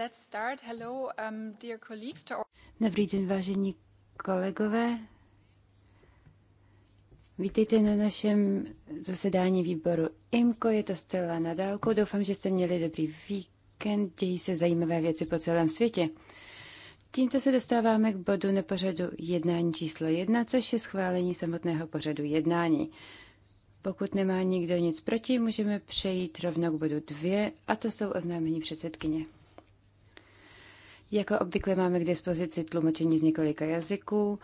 Let's start. Hello, um, dear colleagues. To... Dobrý den, vážení kolegové. Vítejte na našem zasedání výboru IMCO. Je to zcela na dálku. Doufám, že jste měli dobrý víkend. Dějí se zajímavé věci po celém světě. Tímto se dostáváme k bodu na pořadu jednání číslo jedna, což je schválení samotného pořadu jednání. Pokud nemá nikdo nic proti, můžeme přejít rovnou k bodu dvě, a to jsou oznámení předsedkyně. Jako obvykle máme k dispozici tlumočení z několika jazyků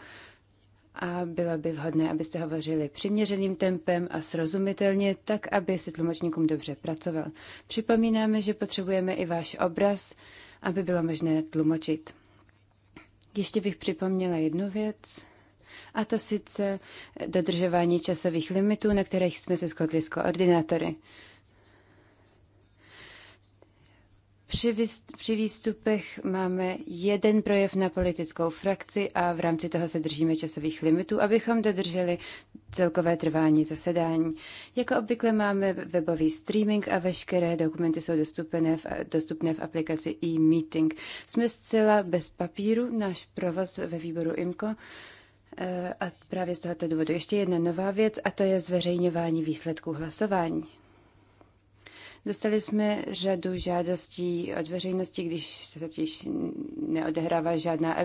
a bylo by vhodné, abyste hovořili přiměřeným tempem a srozumitelně, tak aby se tlumočníkům dobře pracoval. Připomínáme, že potřebujeme i váš obraz, aby bylo možné tlumočit. Ještě bych připomněla jednu věc, a to sice dodržování časových limitů, na kterých jsme se shodli s koordinátory. Při, při výstupech máme jeden projev na politickou frakci a v rámci toho se držíme časových limitů, abychom dodrželi celkové trvání zasedání. Jako obvykle máme webový streaming a veškeré dokumenty jsou dostupné v, dostupné v aplikaci e-meeting. Jsme zcela bez papíru, náš provoz ve výboru IMCO. Eh, a právě z tohoto důvodu ještě jedna nová věc, a to je zveřejňování výsledků hlasování. Dostali jsme řadu žádostí od veřejnosti, když se totiž neodehrává žádná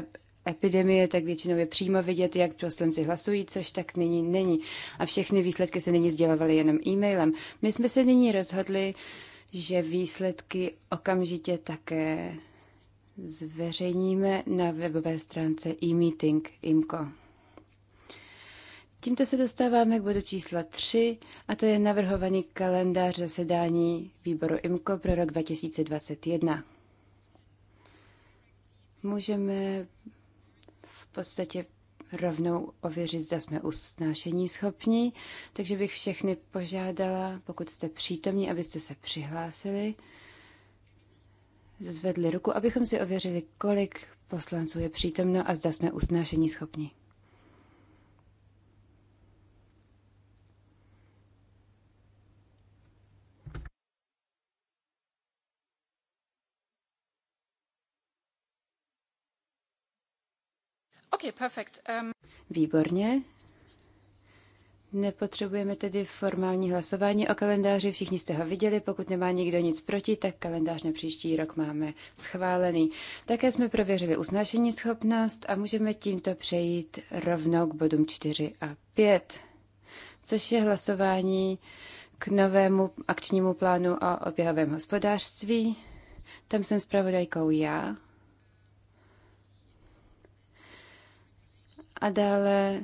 epidemie, tak většinou je přímo vidět, jak poslanci hlasují, což tak nyní není. A všechny výsledky se nyní sdělovaly jenom e-mailem. My jsme se nyní rozhodli, že výsledky okamžitě také zveřejníme na webové stránce e-meeting imko. Tímto se dostáváme k bodu číslo 3 a to je navrhovaný kalendář zasedání výboru IMCO pro rok 2021. Můžeme v podstatě rovnou ověřit, zda jsme usnášení schopní, takže bych všechny požádala, pokud jste přítomní, abyste se přihlásili, zvedli ruku, abychom si ověřili, kolik poslanců je přítomno a zda jsme usnášení schopní. Okay, perfect. Um... Výborně. Nepotřebujeme tedy formální hlasování o kalendáři, všichni jste ho viděli, pokud nemá nikdo nic proti, tak kalendář na příští rok máme schválený. Také jsme prověřili usnášení schopnost a můžeme tímto přejít rovnou k bodům 4 a 5, což je hlasování k novému akčnímu plánu o oběhovém hospodářství. Tam jsem zpravodajkou já, a dále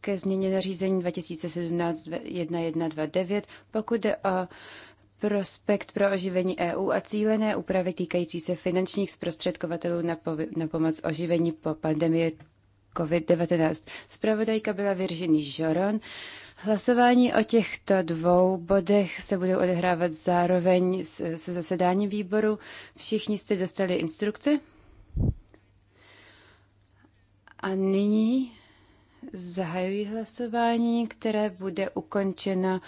ke změně nařízení 2017-1129, pokud jde o prospekt pro oživení EU a cílené úpravy týkající se finančních zprostředkovatelů na, na pomoc oživení po pandemii COVID-19. Spravodajka byla Virginie Žoron. Hlasování o těchto dvou bodech se budou odehrávat zároveň se zasedáním výboru. Všichni jste dostali instrukce? A nyní zahajuji hlasování, které bude ukončeno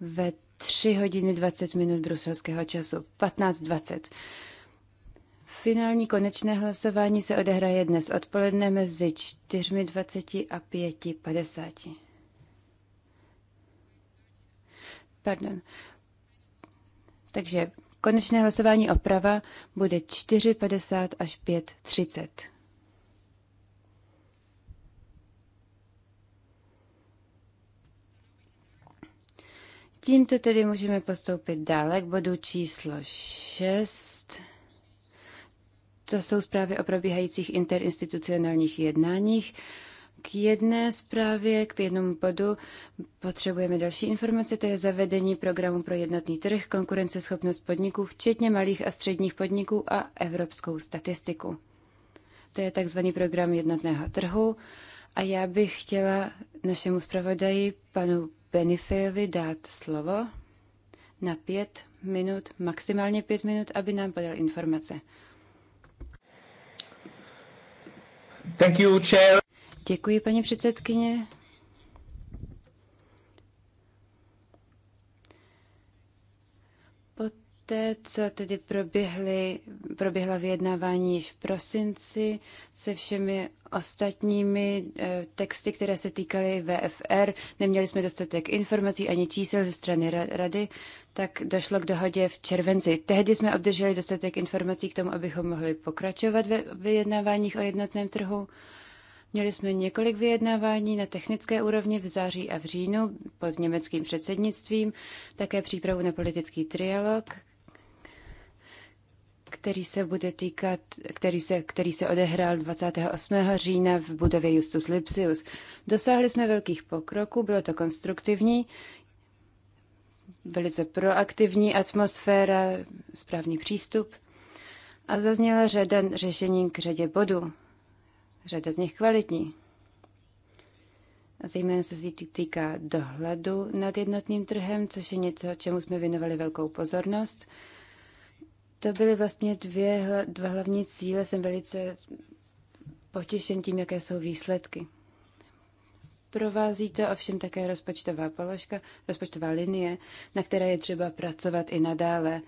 ve 3 hodiny 20 minut bruselského času, 15.20. Finální konečné hlasování se odehraje dnes odpoledne mezi 4.20 a 5.50. Pardon. Takže konečné hlasování oprava bude 4.50 až 5.30. Tímto tedy můžeme postoupit dále k bodu číslo 6. To jsou zprávy o probíhajících interinstitucionálních jednáních. K jedné zprávě, k jednomu bodu potřebujeme další informace, to je zavedení programu pro jednotný trh, konkurenceschopnost podniků, včetně malých a středních podniků a evropskou statistiku. To je takzvaný program jednotného trhu a já bych chtěla našemu zpravodaji, panu Benifejovi dát slovo na pět minut, maximálně pět minut, aby nám podal informace. Thank you, chair. Děkuji, paní předsedkyně. Poté, co tedy proběhly, proběhla vyjednávání již v prosinci se všemi ostatními eh, texty, které se týkaly VFR, neměli jsme dostatek informací ani čísel ze strany rady, tak došlo k dohodě v červenci. Tehdy jsme obdrželi dostatek informací k tomu, abychom mohli pokračovat ve vyjednáváních o jednotném trhu. Měli jsme několik vyjednávání na technické úrovni v září a v říjnu pod německým předsednictvím, také přípravu na politický trialog, který se bude týkat, který se, který se odehrál 28. října v budově Justus Lipsius. Dosáhli jsme velkých pokroků, bylo to konstruktivní, velice proaktivní atmosféra, správný přístup a zazněla řada řešení k řadě bodů. Řada z nich kvalitní. A zejména se týká dohledu nad jednotným trhem, což je něco, čemu jsme věnovali velkou pozornost. To byly vlastně dvě, dva hlavní cíle. Jsem velice potěšen tím, jaké jsou výsledky. Provází to ovšem také rozpočtová položka, rozpočtová linie, na které je třeba pracovat i nadále.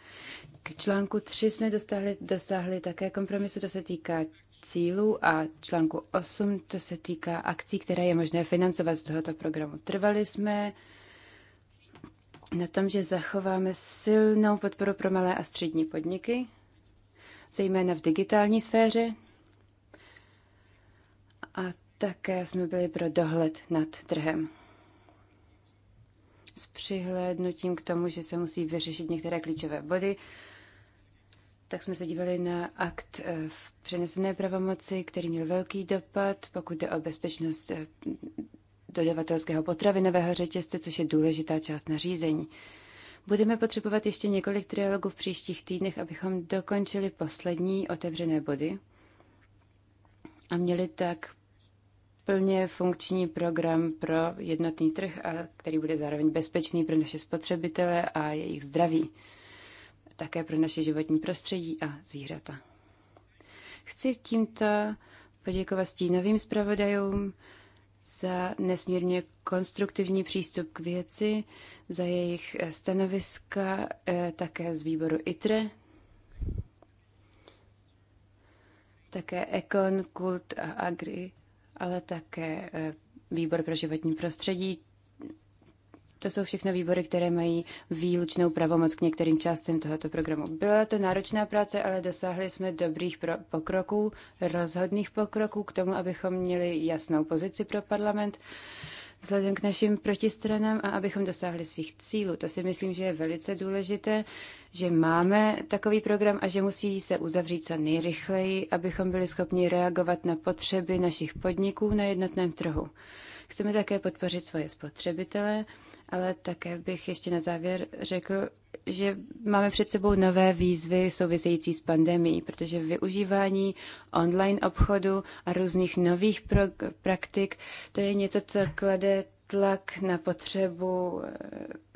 K článku 3 jsme dostali, dosáhli také kompromisu, to se týká cílů a článku 8, to se týká akcí, které je možné financovat z tohoto programu. Trvali jsme na tom, že zachováme silnou podporu pro malé a střední podniky, zejména v digitální sféře. A také jsme byli pro dohled nad trhem. S přihlédnutím k tomu, že se musí vyřešit některé klíčové body, tak jsme se dívali na akt eh, v přenesené pravomoci, který měl velký dopad, pokud jde o bezpečnost eh, dodavatelského potravinového řetězce, což je důležitá část nařízení. Budeme potřebovat ještě několik trialogů v příštích týdnech, abychom dokončili poslední otevřené body a měli tak plně funkční program pro jednotný trh, a který bude zároveň bezpečný pro naše spotřebitele a jejich zdraví, také pro naše životní prostředí a zvířata. Chci tímto poděkovat stínovým zpravodajům, za nesmírně konstruktivní přístup k věci, za jejich eh, stanoviska eh, také z výboru ITRE, také Ekon, Kult a Agri, ale také eh, výbor pro životní prostředí. To jsou všechno výbory, které mají výlučnou pravomoc k některým částem tohoto programu. Byla to náročná práce, ale dosáhli jsme dobrých pokroků, rozhodných pokroků k tomu, abychom měli jasnou pozici pro parlament vzhledem k našim protistranám a abychom dosáhli svých cílů. To si myslím, že je velice důležité, že máme takový program a že musí se uzavřít co nejrychleji, abychom byli schopni reagovat na potřeby našich podniků na jednotném trhu. Chceme také podpořit svoje spotřebitele, ale také bych ještě na závěr řekl, že máme před sebou nové výzvy související s pandemí, protože využívání online obchodu a různých nových praktik, to je něco, co klade tlak na potřebu eh,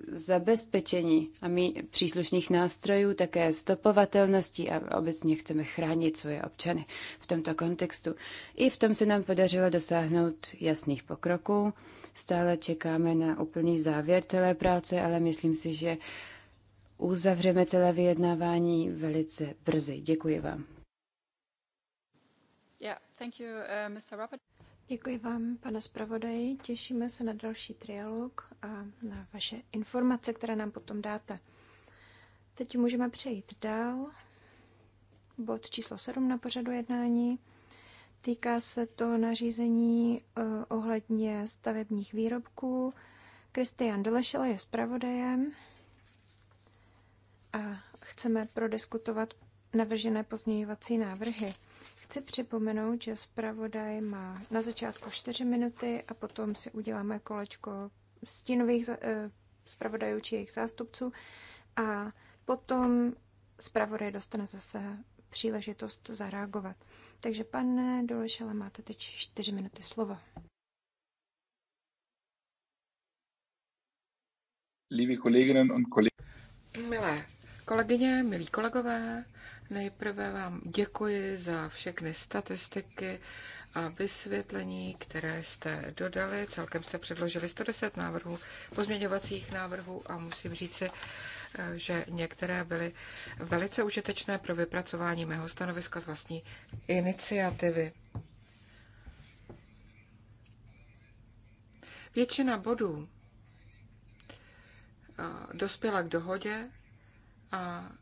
zabezpečení a mít příslušných nástrojů, také stopovatelnosti a obecně chceme chránit svoje občany v tomto kontextu. I v tom se nám podařilo dosáhnout jasných pokroků. Stále čekáme na úplný závěr celé práce, ale myslím si, že uzavřeme celé vyjednávání velice brzy. Děkuji vám. Yeah, thank you, uh, Mr. Robert. Děkuji vám, pane zpravodaji. Těšíme se na další trialog a na vaše informace, které nám potom dáte. Teď můžeme přejít dál. Bod číslo 7 na pořadu jednání. Týká se to nařízení eh, ohledně stavebních výrobků. Kristian Dolešel je zpravodajem a chceme prodiskutovat navržené pozměňovací návrhy. Chci připomenout, že zpravodaj má na začátku 4 minuty a potom si uděláme kolečko stínových eh, zpravodajů či jejich zástupců a potom zpravodaj dostane zase příležitost zareagovat. Takže pane Dolešele, máte teď 4 minuty slova. Milé kolegyně, milí kolegové, Nejprve vám děkuji za všechny statistiky a vysvětlení, které jste dodali. Celkem jste předložili 110 návrhů, pozměňovacích návrhů a musím říci, eh, že některé byly velice užitečné pro vypracování mého stanoviska z vlastní iniciativy. Většina bodů eh, dospěla k dohodě a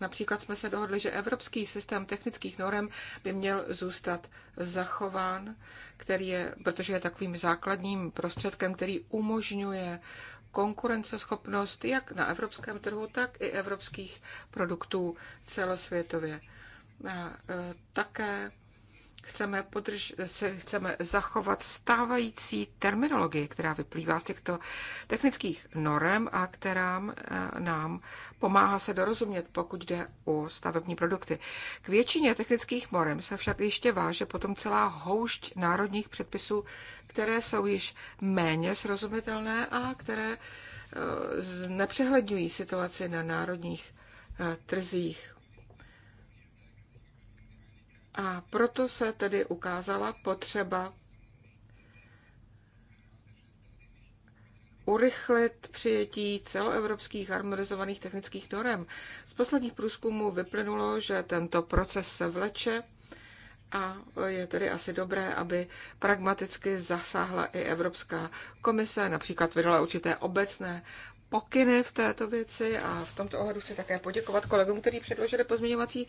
Například jsme se dohodli, že evropský systém technických norem by měl zůstat zachován, který je, protože je takovým základním prostředkem, který umožňuje konkurenceschopnost jak na evropském trhu, tak i evropských produktů celosvětově. A e, také Chceme, podrž, chceme zachovat stávající terminologii, která vyplývá z těchto technických norem a která eh, nám pomáhá se dorozumět, pokud jde o stavební produkty. K většině technických norem se však ještě váže potom celá houšť národních předpisů, které jsou již méně srozumitelné a které eh, nepřehledňují situaci na národních eh, trzích. A proto se tedy ukázala potřeba urychlit přijetí celoevropských harmonizovaných technických norem. Z posledních průzkumů vyplynulo, že tento proces se vleče a je tedy asi dobré, aby pragmaticky zasáhla i Evropská komise, například vydala určité obecné pokyny v této věci a v tomto ohledu chci také poděkovat kolegům, kteří předložili pozměňovací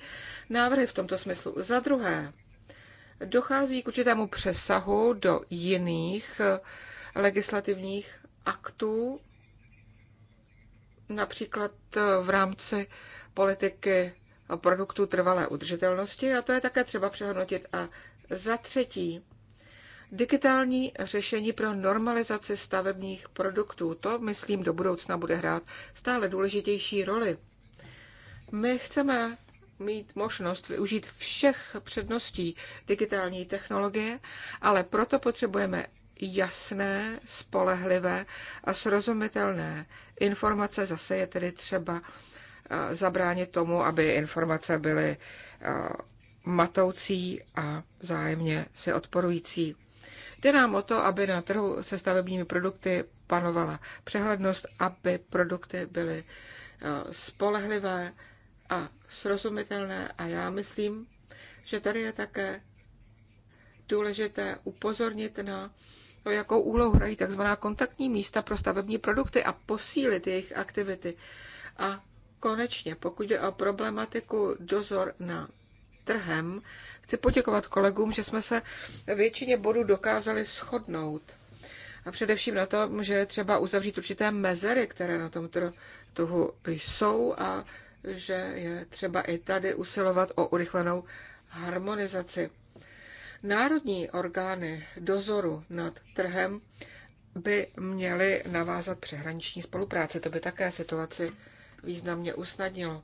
návrhy v tomto smyslu. Za druhé, dochází k určitému přesahu do jiných eh, legislativních aktů, například eh, v rámci politiky produktů trvalé udržitelnosti a to je také třeba přehodnotit. A za třetí, Digitální řešení pro normalizaci stavebních produktů, to, myslím, do budoucna bude hrát stále důležitější roli. My chceme mít možnost využít všech předností digitální technologie, ale proto potřebujeme jasné, spolehlivé a srozumitelné informace. Zase je tedy třeba eh, zabránit tomu, aby informace byly eh, matoucí a vzájemně si odporující. Jde nám o to, aby na trhu se stavebními produkty panovala přehlednost, aby produkty byly eh, spolehlivé a srozumitelné a já myslím, že tady je také důležité upozornit na to, jakou úlohu hrají tzv. kontaktní místa pro stavební produkty a posílit jejich aktivity. A konečně, pokud jde o problematiku dozor na trhem, chci poděkovat kolegům, že jsme se většině bodů dokázali shodnout. A především na tom, že je třeba uzavřít určité mezery, které na tom trhu jsou a že je třeba i tady usilovat o urychlenou harmonizaci. Národní orgány dozoru nad trhem by měly navázat přehraniční spolupráce. To by také situaci významně usnadnilo.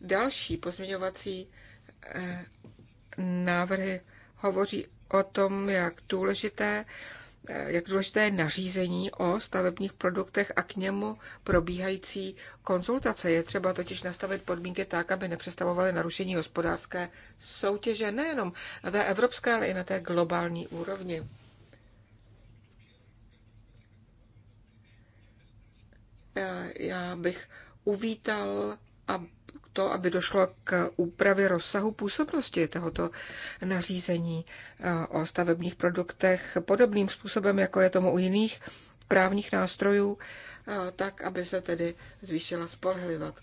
Další pozměňovací návrhy hovoří o tom, jak důležité jak důležité je nařízení o stavebních produktech a k němu probíhající konzultace. Je třeba totiž nastavit podmínky tak, aby nepředstavovaly narušení hospodářské soutěže nejenom na té evropské, ale i na té globální úrovni. Já bych uvítal, aby to, aby došlo k úpravě rozsahu působnosti tohoto nařízení eh, o stavebních produktech podobným způsobem, jako je tomu u jiných právních nástrojů, eh, tak, aby se tedy zvýšila spolehlivost.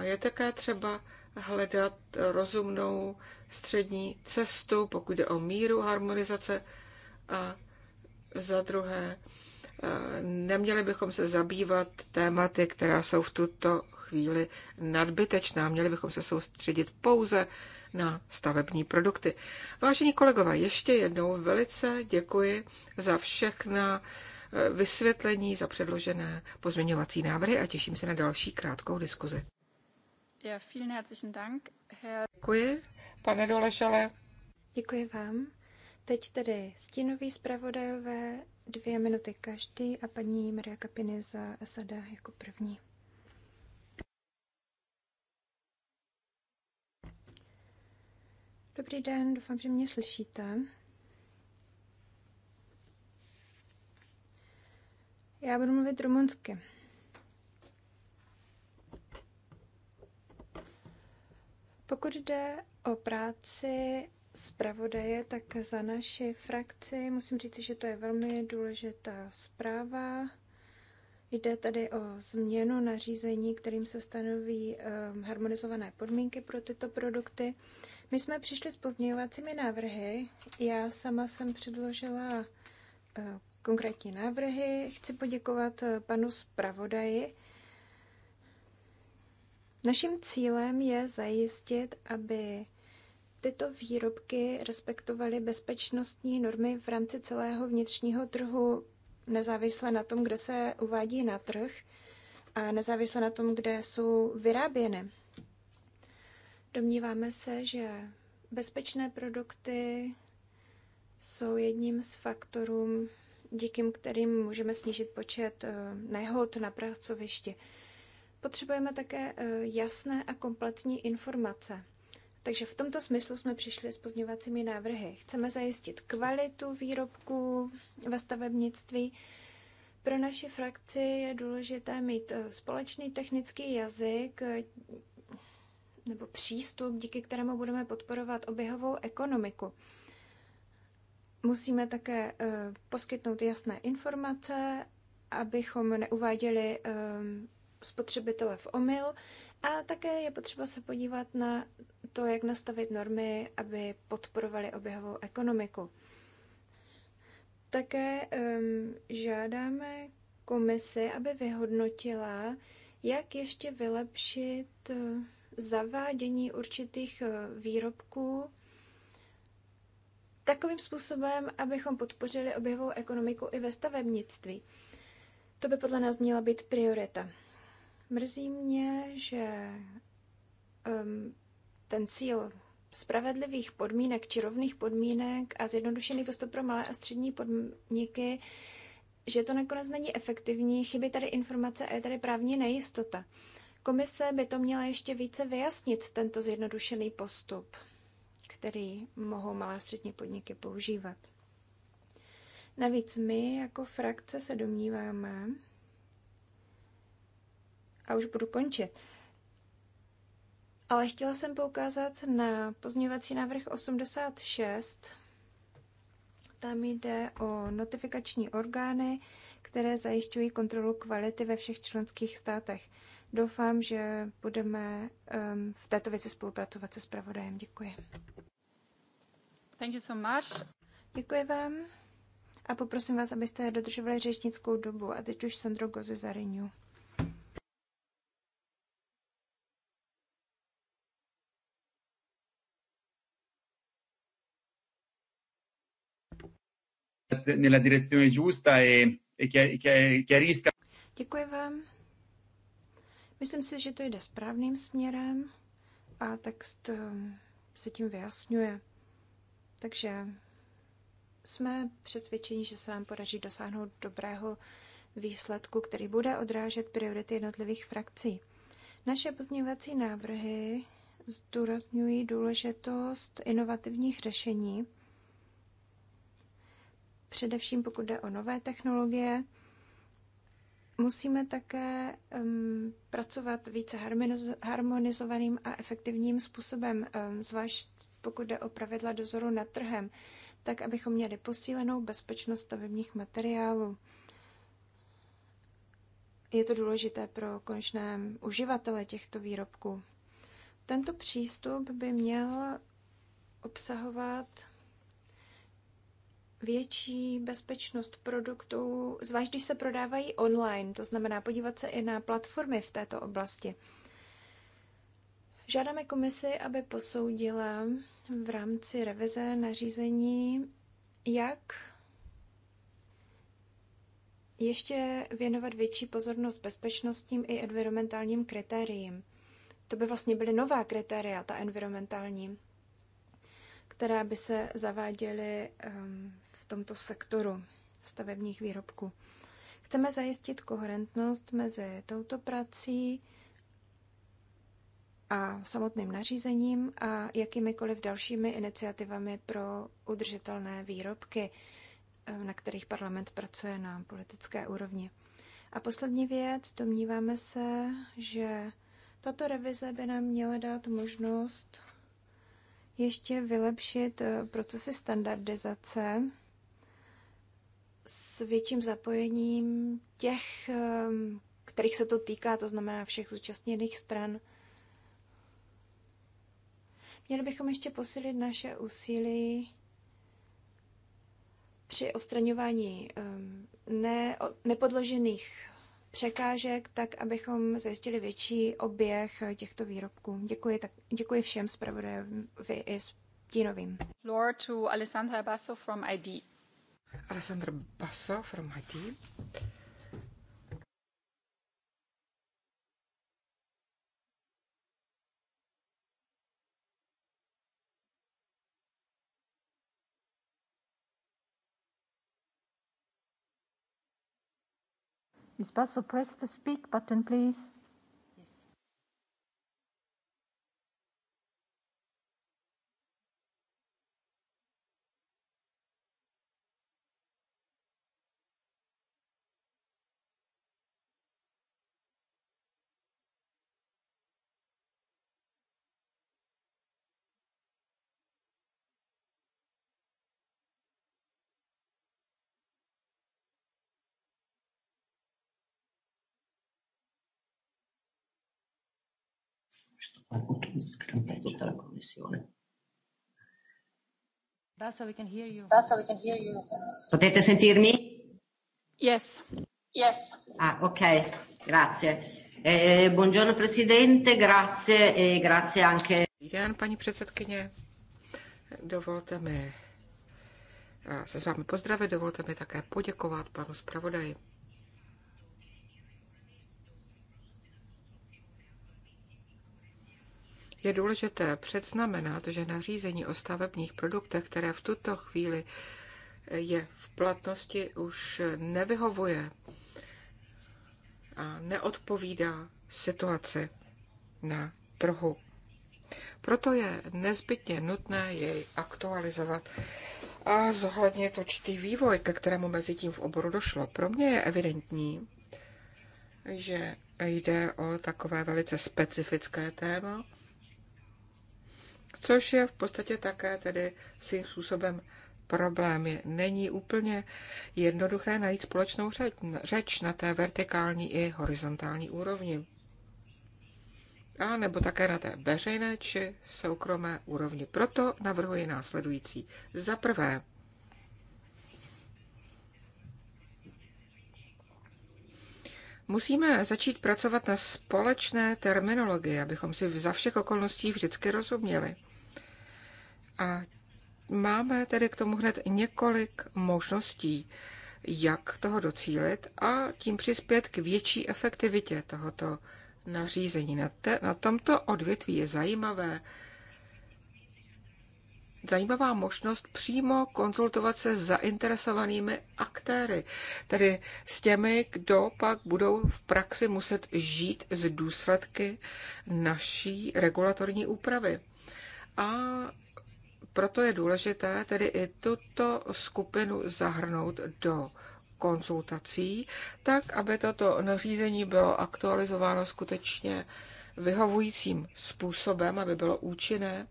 je také třeba hledat rozumnou střední cestu, pokud jde o míru harmonizace a za druhé, eh, neměli bychom se zabývat tématy, která jsou v tuto chvíli nadbytečná. Měli bychom se soustředit pouze na stavební produkty. Vážení kolegové, ještě jednou velice děkuji za všechna eh, vysvětlení, za předložené pozměňovací návrhy a těším se na další krátkou diskuzi. Ja, vielen herzlichen Dank, Herr... Děkuji, pane Dolešele. Děkuji vám. Teď tedy stínový zpravodajové, dvě minuty každý a paní Maria Kapiny za SAD jako první. Dobrý den, doufám, že mě slyšíte. Já budu mluvit rumunsky. Pokud jde o práci zpravodaje, tak za naši frakci musím říct, že to je velmi důležitá zpráva. Jde tedy o změnu nařízení, kterým se stanoví ehm, harmonizované podmínky pro tyto produkty. My jsme přišli s pozměňovacími návrhy. Já sama jsem předložila eh, konkrétní návrhy. Chci poděkovat eh, panu zpravodaji. Naším cílem je zajistit, aby tyto výrobky respektovaly bezpečnostní normy v rámci celého vnitřního trhu nezávisle na tom, kde se uvádí na trh a nezávisle na tom, kde jsou vyráběny. Domníváme se, že bezpečné produkty jsou jedním z faktorů, díky kterým můžeme snížit počet eh, nehod na pracovišti. Potřebujeme také eh, jasné a kompletní informace – takže v tomto smyslu jsme přišli s pozměňovacími návrhy. Chceme zajistit kvalitu výrobků ve stavebnictví. Pro naši frakci je důležité mít eh, společný technický jazyk eh, nebo přístup, díky kterému budeme podporovat oběhovou ekonomiku. Musíme také eh, poskytnout jasné informace, abychom neuváděli spotřebitele v omyl. A také je potřeba se podívat na to, jak nastavit normy, aby podporovaly oběhovou ekonomiku. Také um, žádáme komisi, aby vyhodnotila, jak ještě vylepšit eh, zavádění určitých eh, výrobků takovým způsobem, abychom podpořili oběhovou ekonomiku i ve stavebnictví. To by podle nás měla být priorita. Mrzí mě, že um, ten cíl spravedlivých podmínek či rovných podmínek a zjednodušený postup pro malé a střední podniky, že to nakonec není efektivní, chybí tady informace a je tady právní nejistota. Komise by to měla ještě více vyjasnit, tento zjednodušený postup, který mohou malé a střední podniky používat. Navíc my jako frakce se domníváme, a už budu končit, ale chtěla jsem poukázat na pozměňovací návrh 86. Tam jde o notifikační orgány, které zajišťují kontrolu kvality ve všech členských státech. Doufám, že budeme um, v této věci spolupracovat se zpravodajem. Děkuji. Thank you so much. Děkuji vám a poprosím vás, abyste dodržovali řečnickou dobu. A teď už Sandro Gozi za nella, direzione giusta e, e chiarisca. Děkuji vám. Myslím si, že to jde správným směrem a text se tím vyjasňuje. Takže jsme přesvědčeni, že se nám podaří dosáhnout dobrého výsledku, který bude odrážet priority jednotlivých frakcí. Naše pozměňovací návrhy zdůrazňují důležitost inovativních řešení především pokud jde o nové technologie. Musíme také um, pracovat více harmonizovaným a efektivním způsobem, um, zvlášť pokud jde o pravidla dozoru nad trhem, tak abychom měli posílenou bezpečnost stavebních materiálů. Je to důležité pro konečné uživatele těchto výrobků. Tento přístup by měl obsahovat větší bezpečnost produktů, zvlášť když se prodávají online, to znamená podívat se i na platformy v této oblasti. Žádáme komisi, aby posoudila v rámci revize nařízení, jak ještě věnovat větší pozornost bezpečnostním i environmentálním kritériím. To by vlastně byly nová kritéria, ta environmentální, která by se zaváděly ehm, tomto sektoru stavebních výrobků. Chceme zajistit koherentnost mezi touto prací a samotným nařízením a jakýmikoliv dalšími iniciativami pro udržitelné výrobky, eh, na kterých parlament pracuje na politické úrovni. A poslední věc, domníváme se, že tato revize by nám měla dát možnost ještě vylepšit eh, procesy standardizace s větším zapojením těch, ehm, kterých se to týká, to znamená všech zúčastněných stran. Měli bychom ještě posilit naše úsilí při odstraňování ehm, ne, nepodložených překážek, tak abychom zajistili větší oběh eh, těchto výrobků. Děkuji, tak, děkuji všem zpravodajovi i stínovým. Floor to Alessandra Basso from ID. Alessandra Basso from Haiti. Ms. Basso, press the speak button, please. al punto di tutta la commissione. Dasa, we can hear you. Dasa, we can hear you. Potete sentirmi? Yes. Yes. Ah, ok, grazie. Eh, buongiorno Presidente, grazie e grazie anche. Den, paní předsedkyně, dovolte mi eh, se s vámi pozdravit, dovolte mi také poděkovat panu zpravodaji. Je důležité předznamenat, že nařízení o stavebních produktech, které v tuto chvíli je v platnosti, už nevyhovuje a neodpovídá situaci na trhu. Proto je nezbytně nutné jej aktualizovat a zohlednit určitý vývoj, ke kterému mezi tím v oboru došlo. Pro mě je evidentní, že jde o takové velice specifické téma, což je v podstatě také tedy svým způsobem problém. Je, není úplně jednoduché najít společnou řeč, řeč na té vertikální i horizontální úrovni. A nebo také na té veřejné či soukromé úrovni. Proto navrhuji následující. Za prvé, Musíme začít pracovat na společné terminologii, abychom si za všech okolností vždycky rozuměli. A máme tedy k tomu hned několik možností, jak toho docílit a tím přispět k větší efektivitě tohoto nařízení. Na, te, na tomto odvětví je zajímavé, zajímavá možnost přímo konzultovat se s zainteresovanými aktéry, tedy s těmi, kdo pak budou v praxi muset žít z důsledky naší regulatorní úpravy. A proto je důležité tedy i tuto skupinu zahrnout do konzultací, tak aby toto nařízení bylo aktualizováno skutečně vyhovujícím způsobem, aby bylo účinné.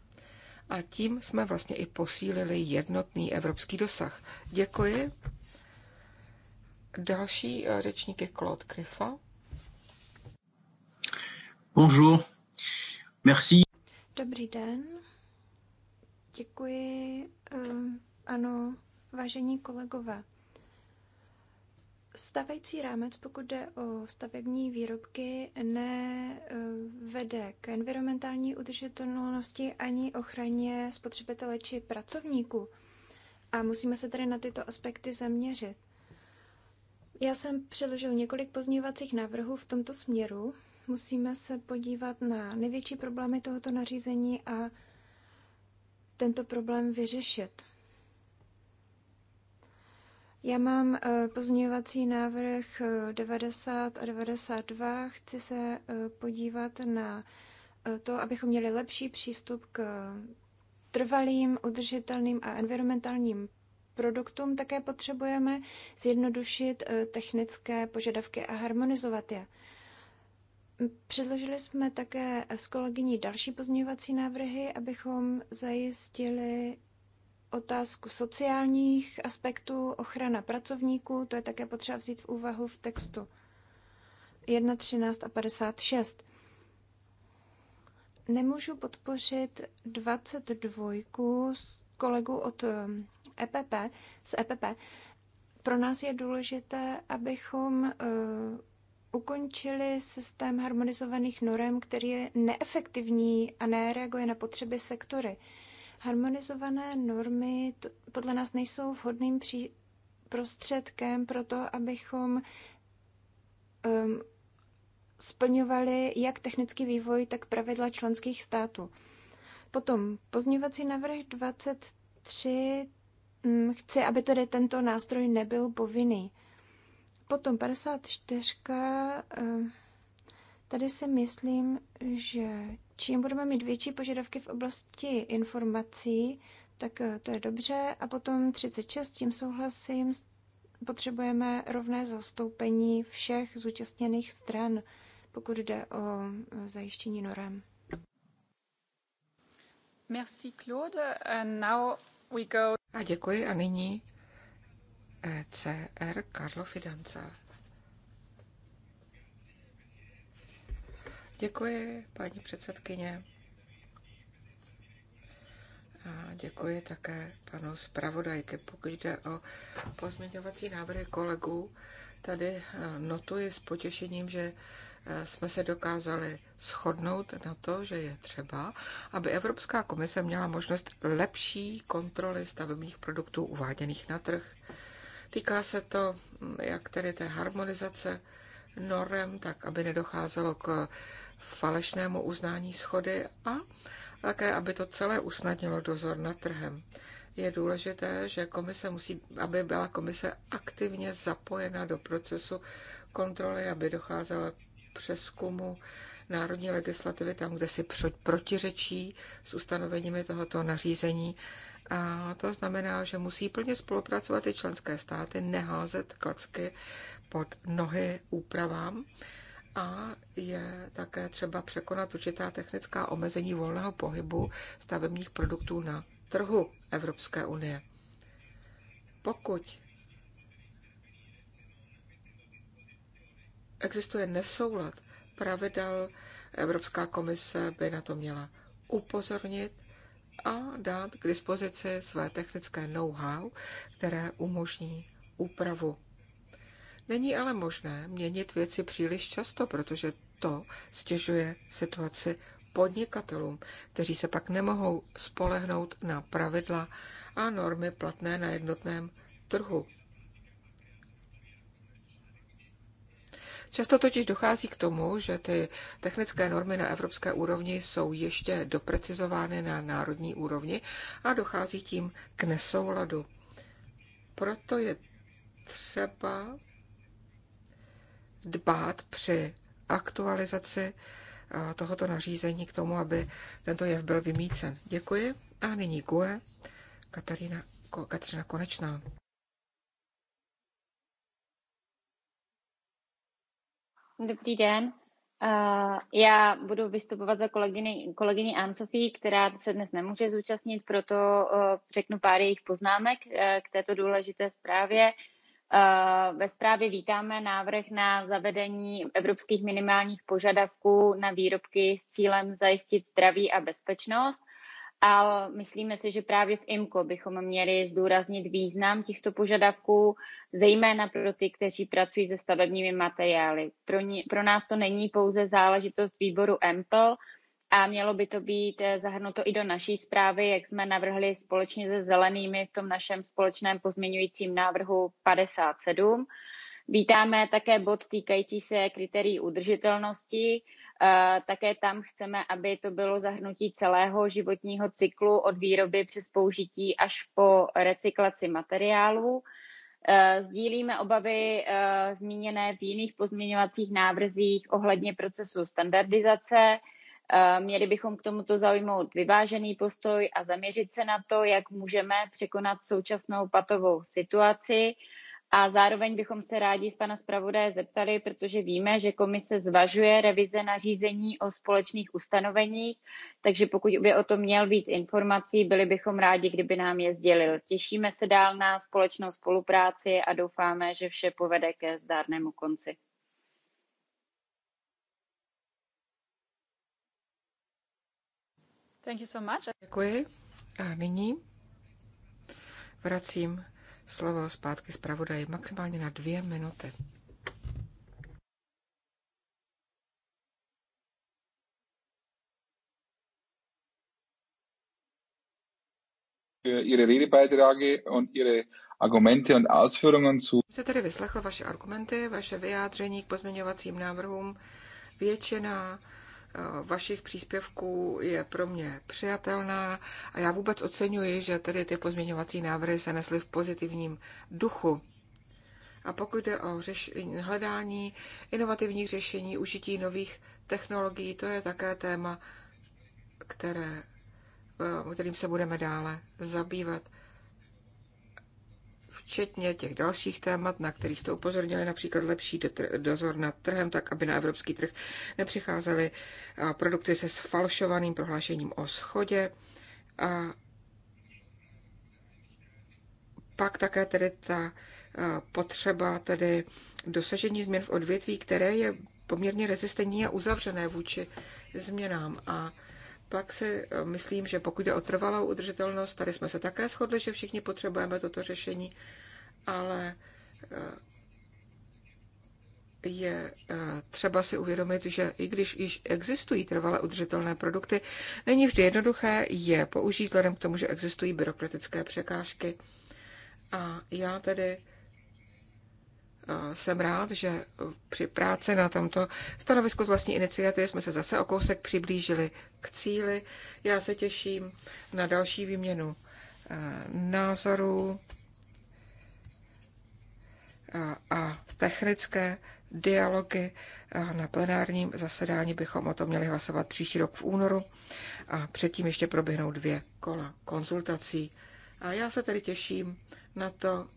A tím jsme vlastně i posílili jednotný evropský dosah. Děkuji. Další eh, řečník je Claude Krifa. Bonjour. Merci. Dobrý den. Děkuji. Ehm, ano, vážení kolegové. Stavející rámec, pokud jde o stavební výrobky, nevede eh, k environmentální udržitelnosti ani ochraně spotřebitele či pracovníků. A musíme se tedy na tyto aspekty zaměřit. Já jsem přeložil několik pozměňovacích návrhů v tomto směru. Musíme se podívat na největší problémy tohoto nařízení a tento problém vyřešit. Já mám eh, pozměňovací návrh 90 eh, a 92. Chci se eh, podívat na to, abychom měli lepší přístup k trvalým, udržitelným a environmentálním produktům. Také potřebujeme zjednodušit technické požadavky a harmonizovat je. Předložili jsme také s kolegyní další pozměňovací návrhy, abychom zajistili otázku sociálních aspektů, ochrana pracovníků, to je také potřeba vzít v úvahu v textu 1, 13 a 56. Nemůžu podpořit 22 s kolegů od um, EPP, z EPP. Pro nás je důležité, abychom uh, ukončili systém harmonizovaných norem, který je neefektivní a nereaguje na potřeby sektory. Harmonizované normy podle nás nejsou vhodným pří- prostředkem pro to, abychom um, splňovali jak technický vývoj, tak pravidla členských států. Potom pozměňovací návrh 23 mm, chci, aby tedy tento nástroj nebyl povinný. Potom 54. Eh, tady si myslím, že čím budeme mít větší požadavky v oblasti informací, tak eh, to je dobře. A potom 36, tím souhlasím, potřebujeme rovné zastoupení všech zúčastněných stran, pokud jde o eh, zajištění norem. Merci Claude. And now we go... A děkuji a nyní ECR Karlo Fidance. Děkuji, paní předsedkyně. A děkuji také panu zpravodajky. Pokud jde o pozměňovací návrhy kolegů, tady e, notuji s potěšením, že e, jsme se dokázali shodnout na to, že je třeba, aby Evropská komise měla možnost lepší kontroly stavebních produktů uváděných na trh. Týká se to mm, jak tedy té harmonizace norem, tak aby nedocházelo k falešnému uznání schody a také, aby to celé usnadnilo dozor nad trhem. Je důležité, že komise musí, aby byla komise aktivně zapojena do procesu kontroly, aby docházela k přeskumu národní legislativy tam, kde si protiřečí s ustanoveními tohoto nařízení a to znamená, že musí plně spolupracovat i členské státy, neházet klacky pod nohy úpravám. A je také třeba překonat určitá technická omezení volného pohybu stavebních produktů na trhu Evropské unie. Pokud existuje nesoulad pravidel, Evropská komise by na to měla upozornit a dát k dispozici své technické know-how, které umožní úpravu. Není ale možné měnit věci příliš často, protože to stěžuje situaci podnikatelům, kteří se pak nemohou spolehnout na pravidla a normy platné na jednotném trhu. Často totiž dochází k tomu, že ty technické normy na evropské úrovni jsou ještě doprecizovány na národní úrovni a dochází tím k nesouladu. Proto je třeba dbát při aktualizaci eh, tohoto nařízení k tomu, aby tento jev byl vymícen. Děkuji. A nyní GUE, Katarína, Kateřina Konečná. Dobrý den. Eh, já budu vystupovat za kolegyni, kolegyni Ansofí, která se dnes nemůže zúčastnit, proto eh, řeknu pár jejich poznámek eh, k této důležité zprávě. Ve zprávě vítáme návrh na zavedení evropských minimálních požadavků na výrobky s cílem zajistit zdraví a bezpečnost – a myslíme si, že právě v IMCO bychom měli zdůraznit význam těchto požadavků, zejména pro ty, kteří pracují se stavebními materiály. Pro, ní, pro nás to není pouze záležitost výboru EMPL a mělo by to být eh, zahrnuto i do naší zprávy, jak jsme navrhli společně se zelenými v tom našem společném pozměňujícím návrhu 57. Vítáme také bod týkající se kritérií udržitelnosti také tam chceme, aby to bylo zahrnutí celého životního cyklu od výroby přes použití až po recyklaci materiálů. E, sdílíme obavy e, zmíněné v jiných pozměňovacích návrzích ohledně procesu standardizace. E, měli bychom k tomuto zaujmout vyvážený postoj a zaměřit se na to, jak můžeme překonat současnou patovou situaci. A zároveň bychom se rádi z pana zpravodaje zeptali, protože víme, že komise zvažuje revize nařízení o společných ustanoveních, takže pokud by o tom měl víc informací, byli bychom rádi, kdyby nám je sdělil. Těšíme se dál na společnou spolupráci a doufáme, že vše povede ke zdárnému konci. Thank you so much. Děkuji. A nyní vracím slovo zpátky zpravodaji maximálně na dvě minuty. Ihre Redebeiträge und Ihre Argumente und Ausführungen zu. Se tedy vyslechl vaše argumenty, vaše vyjádření k pozměňovacím návrhům. Většina Eh, vašich příspěvků je pro mě přijatelná a já vůbec oceňuji, že tedy ty pozměňovací návrhy se nesly v pozitivním duchu. A pokud jde o řešení, hledání inovativních řešení, užití nových technologií, to je také téma, které, eh, kterým se budeme dále zabývat včetně těch dalších témat, na kterých jste upozornili, například lepší dozor nad trhem, tak aby na evropský trh nepřicházely produkty se sfalšovaným prohlášením o schodě. A pak také tedy ta potřeba tedy dosažení změn v odvětví, které je poměrně rezistentní a uzavřené vůči změnám. A pak si myslím, že pokud jde o trvalou udržitelnost, tady jsme se také shodli, že všichni potřebujeme toto řešení ale eh, je eh, třeba si uvědomit, že i když již existují trvale udržitelné produkty, není vždy jednoduché je použít vzhledem k tomu, že existují byrokratické překážky. A já tedy eh, jsem rád, že při práci na tomto stanovisku z vlastní iniciativy jsme se zase o kousek přiblížili k cíli. Já se těším na další výměnu názorů a technické dialogy. Na plenárním zasedání bychom o tom měli hlasovat příští rok v únoru a předtím ještě proběhnou dvě kola konzultací. A já se tedy těším na to,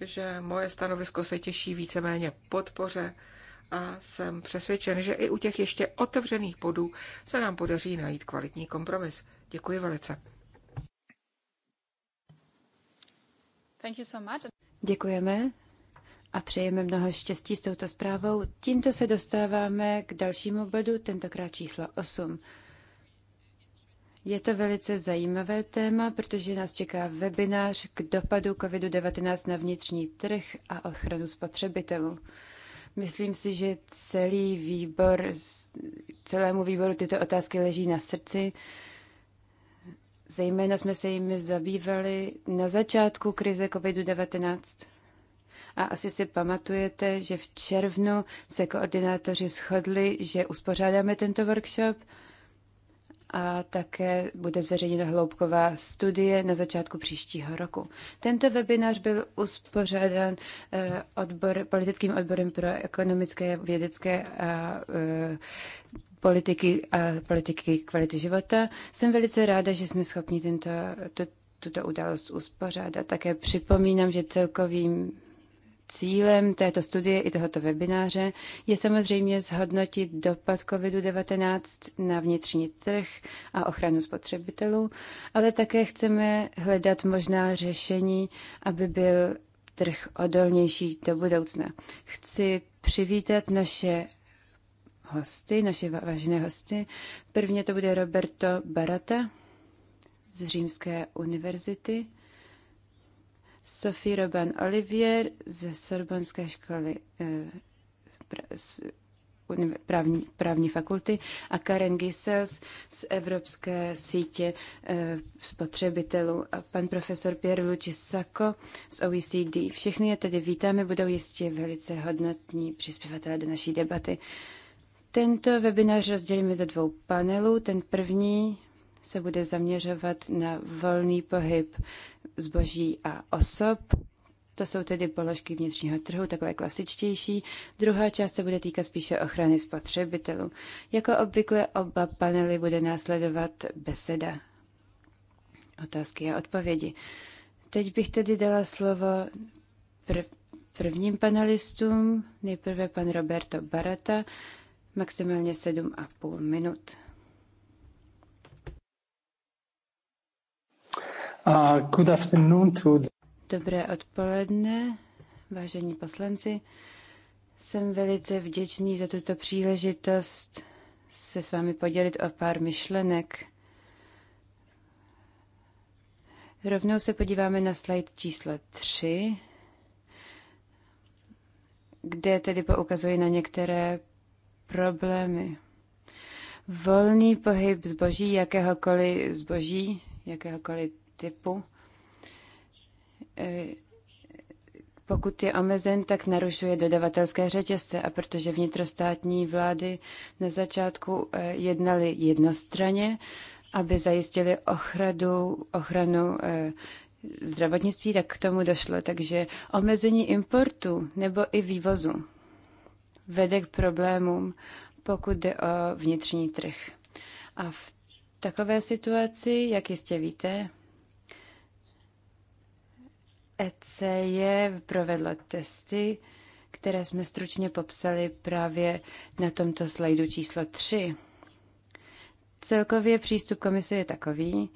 že moje stanovisko se těší víceméně podpoře a jsem přesvědčen, že i u těch ještě otevřených bodů se nám podaří najít kvalitní kompromis. Děkuji velice. Thank you so much. Děkujeme a přejeme mnoho štěstí s touto zprávou. Tímto se dostáváme k dalšímu bodu, tentokrát číslo 8. Je to velice zajímavé téma, protože nás čeká webinář k dopadu COVID-19 na vnitřní trh a ochranu spotřebitelů. Myslím si, že celý výbor, celému výboru tyto otázky leží na srdci. Zejména jsme se jimi zabývali na začátku krize COVID-19. A asi si pamatujete, že v červnu se koordinátoři shodli, že uspořádáme tento workshop a také bude zveřejněna hloubková studie na začátku příštího roku. Tento webinář byl uspořádán eh, odbor, politickým odborem pro ekonomické, vědecké a eh, politiky a politiky kvality života. Jsem velice ráda, že jsme schopni tento, to, tuto událost uspořádat. Také připomínám, že celkovým Cílem této studie i tohoto webináře je samozřejmě zhodnotit dopad COVID-19 na vnitřní trh a ochranu spotřebitelů, ale také chceme hledat možná řešení, aby byl trh odolnější do budoucna. Chci přivítat naše hosty, naše vážené hosty. Prvně to bude Roberto Barata z Římské univerzity, Sophie Roban Olivier ze Sorbonské školy eh, právní, právní fakulty a Karen Gisels z Evropské sítě eh, spotřebitelů a pan profesor Pierluigi Sacco z OECD. Všechny je tedy vítáme, budou jistě velice hodnotní přispěvatelé do naší debaty. Uh, tento webinář rozdělíme do dvou panelů. Ten první se bude zaměřovat na volný pohyb zboží a osob. To jsou tedy položky vnitřního trhu, takové klasičtější. Druhá část se bude týkat spíše ochrany spotřebitelů. Jako obvykle oba panely bude následovat beseda. Otázky a odpovědi. Teď bych tedy dala slovo prv, prvním panelistům. Nejprve pan Roberto Barata, maximálně 7,5 minut. Uh, good afternoon to... Dobré odpoledne, vážení poslanci. Jsem velice vděčný za tuto příležitost se s vámi podělit o pár myšlenek. Rovnou se podíváme na slide číslo 3, kde tedy poukazuji na některé problémy. Volný pohyb zboží, jakéhokoliv zboží, jakéhokoliv typu, eh, pokud je omezen, tak narušuje dodavatelské řetězce a protože vnitrostátní vlády na začátku eh, jednaly jednostranně, aby zajistili ochradu ochranu eh, zdravotnictví, tak k tomu došlo. Takže omezení importu nebo i vývozu vede k problémům, pokud jde o vnitřní trh. A v takové situaci, jak jistě víte, ECE provedlo testy, které jsme stručně popsali právě na tomto slajdu číslo 3. Celkově přístup komise je takový,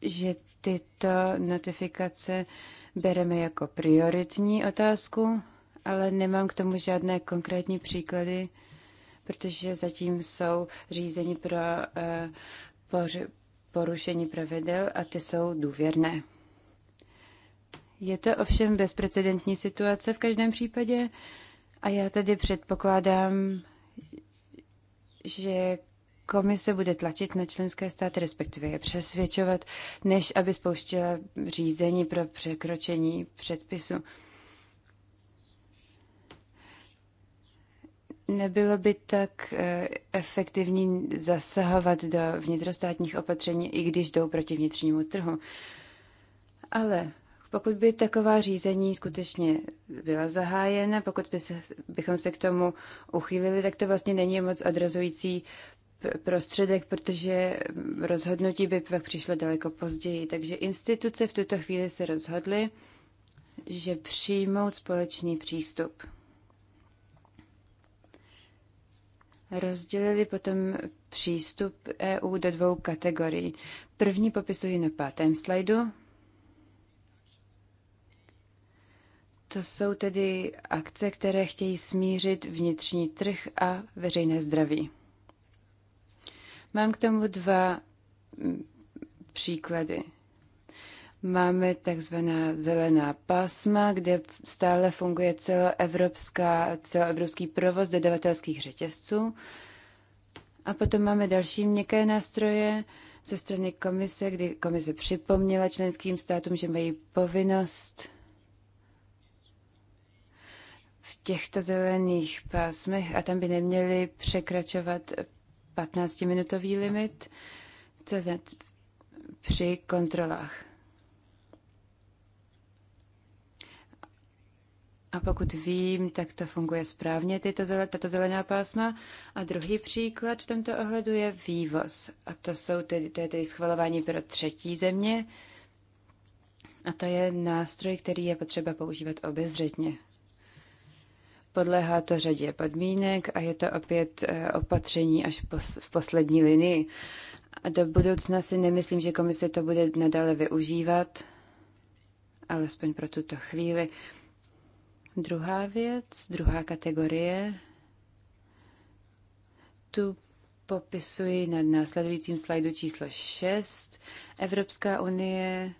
že tyto notifikace bereme jako prioritní otázku, ale nemám k tomu žádné konkrétní příklady, protože zatím jsou řízení pro eh, porušení pravidel a ty jsou důvěrné. Je to ovšem bezprecedentní situace v každém případě a já tedy předpokládám, že Komise bude tlačit na členské státy, respektive je přesvědčovat, než aby spouštěla řízení pro překročení předpisu. Nebylo by tak eh, efektivní zasahovat do vnitrostátních opatření, i když jdou proti vnitřnímu trhu. Ale pokud by taková řízení skutečně byla zahájena, pokud by se, bychom se k tomu uchýlili, tak to vlastně není moc odrazující prostředek, protože rozhodnutí by pak přišlo daleko později. Takže instituce v tuto chvíli se rozhodly, že přijmout společný přístup. Rozdělili potom přístup EU do dvou kategorií. První popisuji na pátém slajdu. To jsou tedy akce, které chtějí smířit vnitřní trh a veřejné zdraví. Mám k tomu dva mm, příklady. Máme takzvaná zelená pasma, kde stále funguje celoevropská, celoevropský provoz dodavatelských řetězců. A potom máme další měkké nástroje ze strany komise, kdy komise připomněla členským státům, že mají povinnost v těchto zelených pásmech a tam by neměli překračovat 15-minutový limit při kontrolách. A pokud vím, tak to funguje správně, tyto, tato zelená pásma. A druhý příklad v tomto ohledu je vývoz. A to, jsou tedy, to je tedy schvalování pro třetí země. A to je nástroj, který je potřeba používat obezřetně. Podléhá to řadě podmínek a je to opět eh, opatření až v poslední linii. A do budoucna si nemyslím, že komise to bude nadále využívat, alespoň pro tuto chvíli. Druhá věc, druhá kategorie, tu popisuji na následujícím slajdu číslo 6. Evropská unie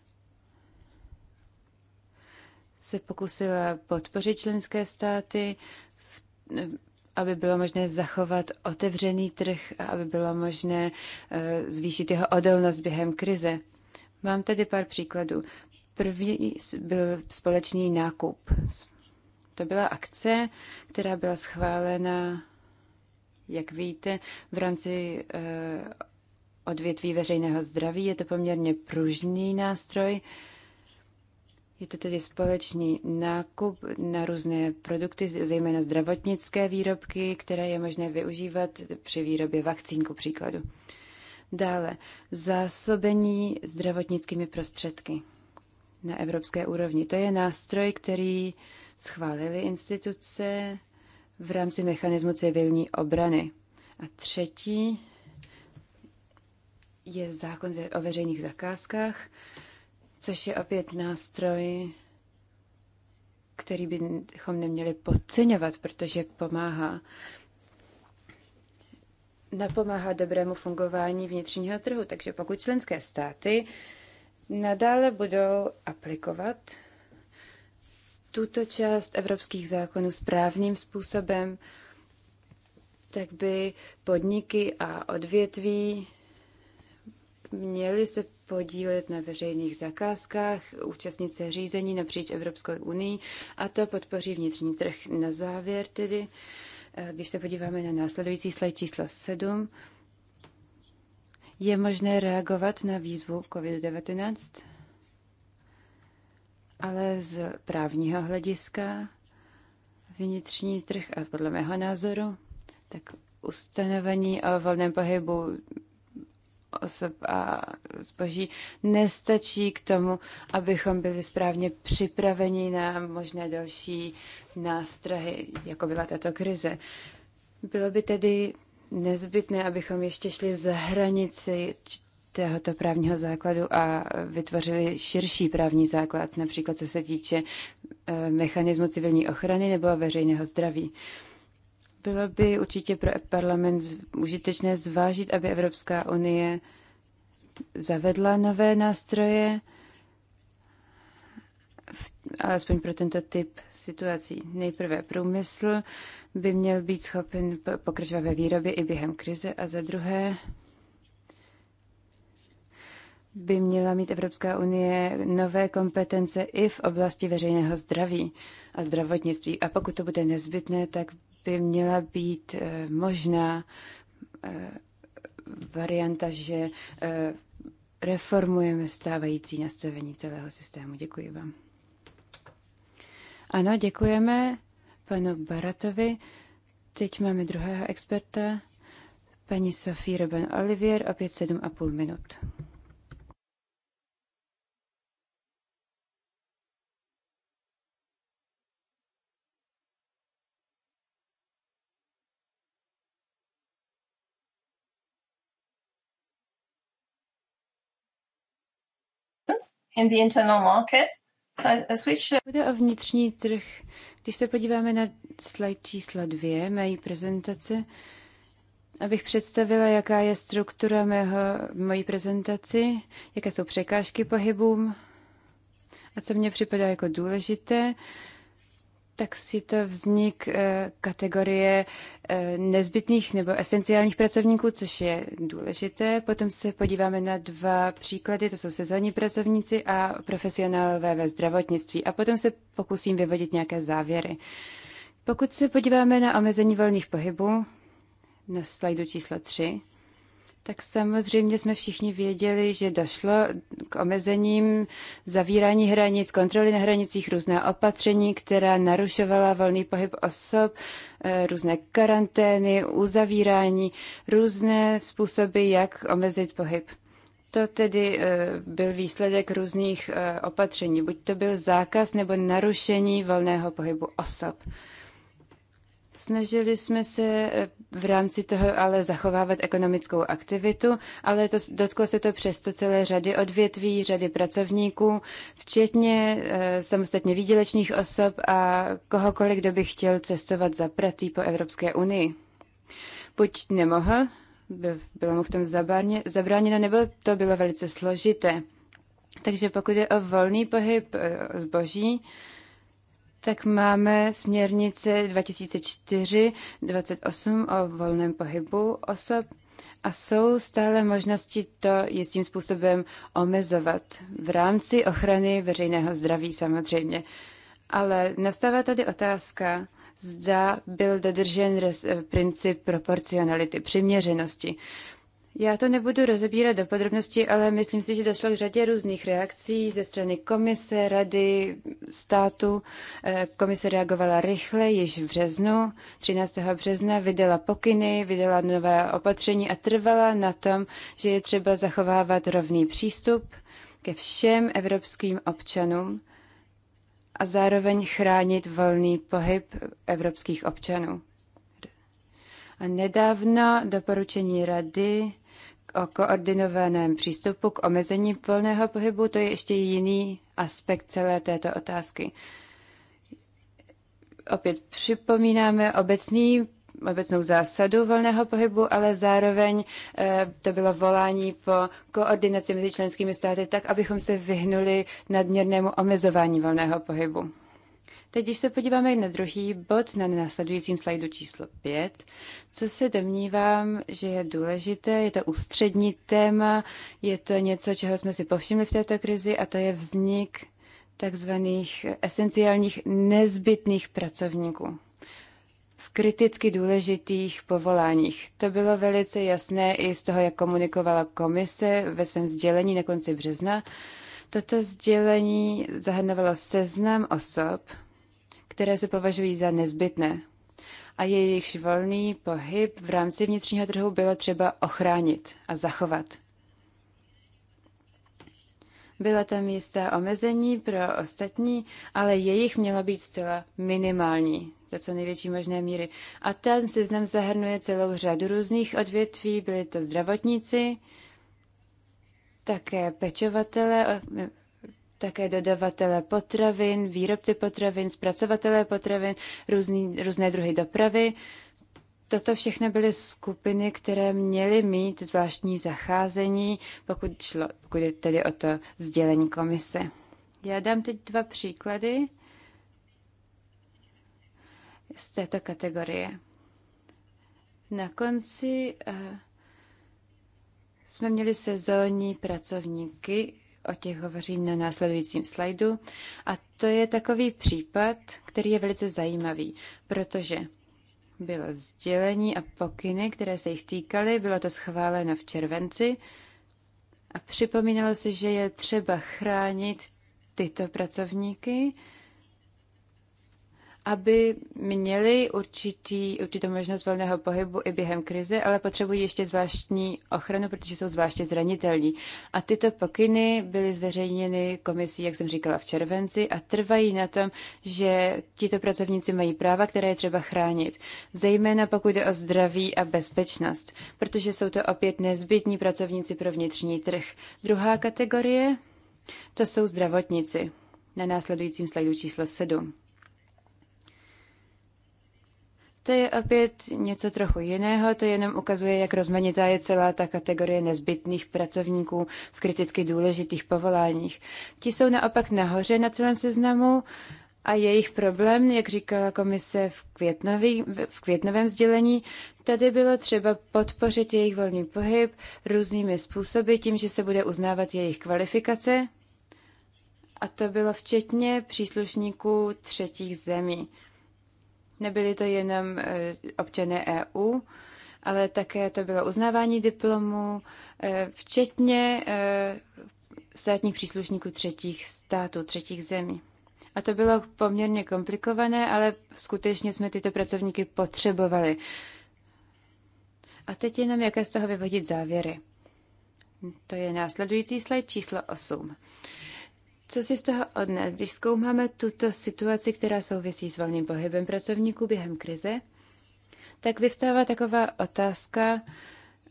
se pokusila podpořit členské státy, aby bylo možné zachovat otevřený trh a aby bylo možné eh, zvýšit jeho odolnost během krize. Mám tady pár příkladů. První byl společný nákup. To byla akce, která byla schválena, jak víte, v rámci eh, odvětví veřejného zdraví. Je to poměrně pružný nástroj. Je to tedy společný nákup na různé produkty, zejména zdravotnické výrobky, které je možné využívat při výrobě vakcín, ku příkladu. Dále, zásobení zdravotnickými prostředky na evropské úrovni. To je nástroj, který schválili instituce v rámci mechanismu civilní obrany. A třetí je zákon o veřejných zakázkách což je opět nástroj, který bychom neměli podceňovat, protože pomáhá napomáhá dobrému fungování vnitřního trhu. Takže pokud členské státy nadále budou aplikovat tuto část evropských zákonů správným způsobem, tak by podniky a odvětví měly se podílet na veřejných zakázkách, účastnit se řízení napříč Evropskou unii a to podpoří vnitřní trh. Na závěr tedy, eh, když se podíváme na následující slide číslo 7, je možné reagovat na výzvu COVID-19, ale z právního hlediska vnitřní trh a podle mého názoru, tak ustanovení o volném pohybu osob a zboží nestačí k tomu, abychom byli správně připraveni na možné další nástrahy, jako byla tato krize. Bylo by tedy nezbytné, abychom ještě šli za hranici tohoto právního základu a vytvořili širší právní základ, například co se týče eh, mechanismu civilní ochrany nebo veřejného zdraví. Bylo by určitě pro parlament užitečné zvážit, aby Evropská unie zavedla nové nástroje, v, alespoň pro tento typ situací. Nejprve průmysl by měl být schopen pokračovat ve výrobě i během krize a za druhé by měla mít Evropská unie nové kompetence i v oblasti veřejného zdraví a zdravotnictví. A pokud to bude nezbytné, tak by měla být eh, možná eh, varianta, že eh, reformujeme stávající nastavení celého systému. Děkuji vám. Ano, děkujeme panu Baratovi. Teď máme druhého experta, paní Sofie Robin Olivier, opět 7,5 minut. in the internal market. So uh, switch... Uh, Bude o vnitřní trh. Když se podíváme na slide číslo dvě mé prezentace, abych představila, jaká je struktura mého, mojí prezentaci, jaké jsou překážky pohybům a co mě připadá jako důležité tak si to vznik eh, kategorie eh, nezbytných nebo esenciálních pracovníků, což je důležité. Potom se podíváme na dva příklady, to jsou sezónní pracovníci a profesionálové ve zdravotnictví. A potom se pokusím vyvodit nějaké závěry. Pokud se podíváme na omezení volných pohybů, na slajdu číslo 3, tak samozřejmě jsme všichni věděli, že došlo k omezením zavírání hranic, kontroly na hranicích, různé opatření, která narušovala volný pohyb osob, eh, různé karantény, uzavírání, různé způsoby, jak omezit pohyb. To tedy eh, byl výsledek různých eh, opatření, buď to byl zákaz nebo narušení volného pohybu osob. Snažili jsme se eh, v rámci toho ale zachovávat ekonomickou aktivitu, ale to, dotklo se to přesto celé řady odvětví, řady pracovníků, včetně e, samostatně výdělečných osob a kohokoliv, kdo by chtěl cestovat za prací po Evropské unii. Buď nemohl, bylo mu v tom zabráněno, nebo to bylo velice složité. Takže pokud je o volný pohyb eh, zboží, e, tak máme směrnici 2004-28 o volném pohybu osob a jsou stále možnosti to jistým způsobem omezovat v rámci ochrany veřejného zdraví samozřejmě. Ale nastává tady otázka, zda byl dodržen princip proporcionality, přiměřenosti. Já to nebudu rozebírat do podrobností, ale myslím si, že došlo k řadě různých reakcí ze strany komise, rady, státu. Eh, komise reagovala rychle, již v březnu, 13. března, vydala pokyny, vydala nové opatření a trvala na tom, že je třeba zachovávat rovný přístup ke všem evropským občanům a zároveň chránit volný pohyb evropských občanů. A nedávno doporučení rady o koordinovaném přístupu k omezení volného pohybu, to je ještě jiný aspekt celé této otázky. Opět připomínáme obecný obecnou zásadu volného pohybu, ale zároveň eh, to bylo volání po koordinaci mezi členskými státy tak, abychom se vyhnuli nadměrnému omezování volného pohybu. Teď, když se podíváme na druhý bod, na následujícím slajdu číslo 5, co se domnívám, že je důležité, je to ústřední téma, je to něco, čeho jsme si povšimli v této krizi a to je vznik takzvaných esenciálních nezbytných pracovníků v kriticky důležitých povoláních. To bylo velice jasné i z toho, jak komunikovala komise ve svém sdělení na konci března. Toto sdělení zahrnovalo seznam osob, které se považují za nezbytné a jejich volný pohyb v rámci vnitřního trhu bylo třeba ochránit a zachovat. Byla tam jistá omezení pro ostatní, ale jejich mělo být zcela minimální, do co největší možné míry. A ten seznam zahrnuje celou řadu různých odvětví, byli to zdravotníci, také pečovatele, také dodavatele potravin, výrobci potravin, zpracovatele potravin, různý, různé druhy dopravy. Toto všechno byly skupiny, které měly mít zvláštní zacházení, pokud, šlo, pokud je tedy o to sdělení komise. Já dám teď dva příklady z této kategorie. Na konci eh, jsme měli sezónní pracovníky, o těch hovořím na následujícím slajdu. A to je takový případ, který je velice zajímavý, protože bylo sdělení a pokyny, které se jich týkaly, bylo to schváleno v červenci a připomínalo se, že je třeba chránit tyto pracovníky, aby měli určitý, určitou možnost volného pohybu i během krize, ale potřebují ještě zvláštní ochranu, protože jsou zvláště zranitelní. A tyto pokyny byly zveřejněny komisí, jak jsem říkala, v červenci a trvají na tom, že tito pracovníci mají práva, které je třeba chránit, zejména pokud jde o zdraví a bezpečnost, protože jsou to opět nezbytní pracovníci pro vnitřní trh. Druhá kategorie, to jsou zdravotníci. Na následujícím slajdu číslo 7. To je opět něco trochu jiného, to jenom ukazuje, jak rozmanitá je celá ta kategorie nezbytných pracovníků v kriticky důležitých povoláních. Ti jsou naopak nahoře na celém seznamu a jejich problém, jak říkala komise v, květnový, v květnovém sdělení, tady bylo třeba podpořit jejich volný pohyb různými způsoby, tím, že se bude uznávat jejich kvalifikace, a to bylo včetně příslušníků třetích zemí. Nebyli to jenom eh, občané EU, ale také to bylo uznávání diplomů, eh, včetně eh, státních příslušníků třetích států, třetích zemí. A to bylo poměrně komplikované, ale skutečně jsme tyto pracovníky potřebovali. A teď jenom, jaké z toho vyvodit závěry. To je následující slide číslo 8. Co si z toho odnes, když zkoumáme tuto situaci, která souvisí s volným pohybem pracovníků během krize, tak vyvstává taková otázka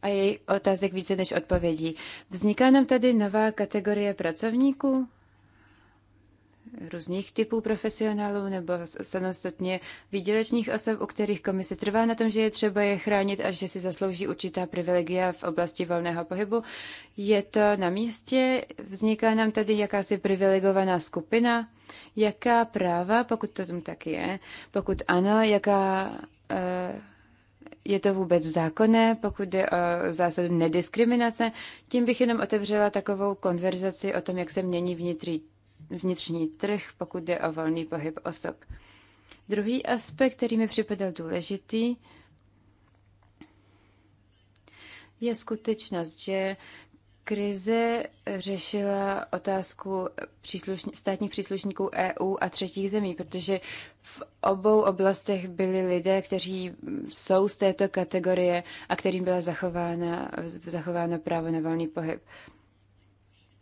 a její otázek více než odpovědí. Vzniká nám tady nová kategorie pracovníků? různých typů profesionálů nebo samostatně výdělečních osob, u kterých komise trvá na tom, že je třeba je chránit a že si zaslouží určitá privilegia v oblasti volného pohybu. Je to na místě? Vzniká nám tady jakási privilegovaná skupina? Jaká práva, pokud to tam tak je? Pokud ano, jaká eh, je to vůbec zákonné, pokud jde o zásadu nediskriminace. Tím bych jenom otevřela takovou konverzaci o tom, jak se mění vnitřní vnitřní trh, pokud jde o volný pohyb osob. Druhý aspekt, který mi připadal důležitý, je skutečnost, že krize řešila otázku příslušn- státních příslušníků EU a třetích zemí, protože v obou oblastech byli lidé, kteří jsou z této kategorie a kterým byla zachována, zachováno právo na volný pohyb.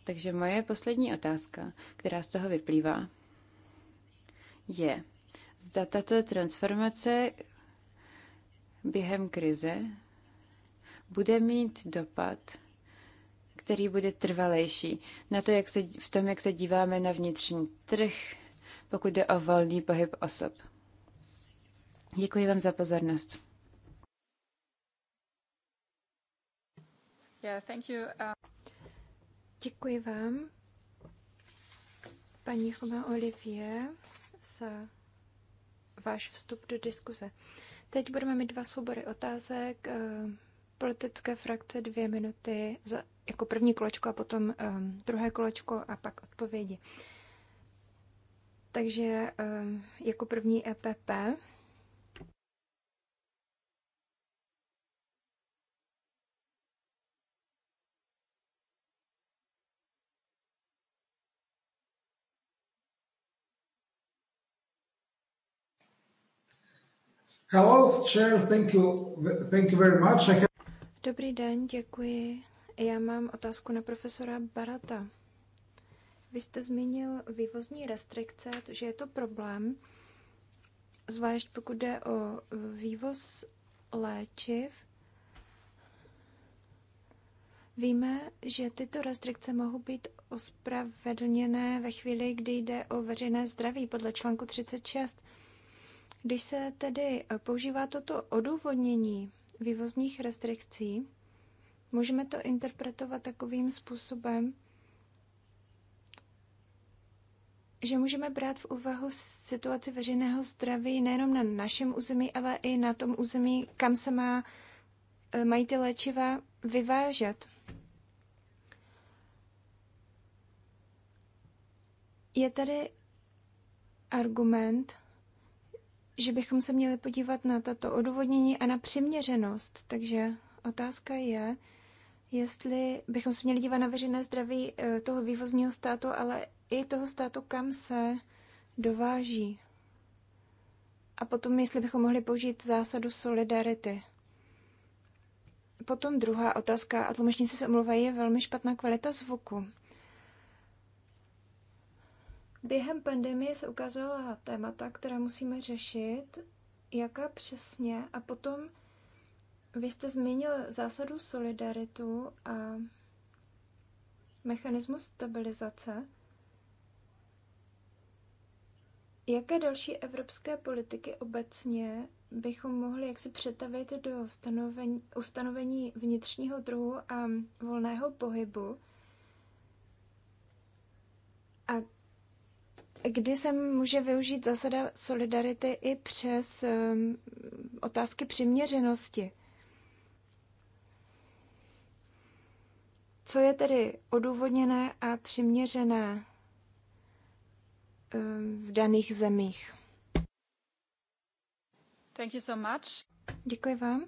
Takže moje poslední otázka, která z toho vyplývá, je, zda tato transformace během krize bude mít dopad, který bude trvalejší na to, jak se, v tom, jak se díváme na vnitřní trh, pokud jde o volný pohyb osob. Děkuji vám za pozornost. Yeah, thank you. Um... Děkuji vám, paní Choma Olivier, za váš vstup do diskuze. Teď budeme mít dva soubory otázek. Eh, politické frakce dvě minuty za, jako první kolečko a potom um, druhé kolečko a pak odpovědi. Takže um, jako první EPP Hello, chair, thank you, thank you very much. Have... Dobrý den, děkuji. Já mám otázku na profesora Barata. Vy jste zmínil vývozní restrikce, že je to problém, zvlášť pokud jde o e, vývoz léčiv. Víme, že tyto restrikce mohou být ospravedlněné ve chvíli, kdy jde o veřejné zdraví podle článku 36. Když se tedy eh, používá toto odůvodnění vývozních restrikcí, můžeme to interpretovat takovým způsobem, že můžeme brát v úvahu situaci veřejného zdraví nejenom na našem území, ale i na tom území, kam se má, eh, mají ty léčiva vyvážet. Je tady argument, že bychom se měli podívat na tato odůvodnění a na přiměřenost. Takže otázka je, jestli bychom se měli dívat na veřejné zdraví eh, toho vývozního státu, ale i toho státu, kam se dováží. A potom, jestli bychom mohli použít zásadu solidarity. Potom druhá otázka, a tlumočníci se omluvají, je velmi špatná kvalita zvuku. Během pandemie se ukázala témata, která musíme řešit, jaká přesně, a potom vy jste zmínil zásadu solidaritu a mechanismus stabilizace. Jaké další evropské politiky obecně bychom mohli jaksi přetavit do stanovení, ustanovení vnitřního druhu a volného pohybu? A kdy se může využít zásada solidarity i přes um, otázky přiměřenosti. Co je tedy odůvodněné a přiměřené um, v daných zemích? Thank you so much. Děkuji vám.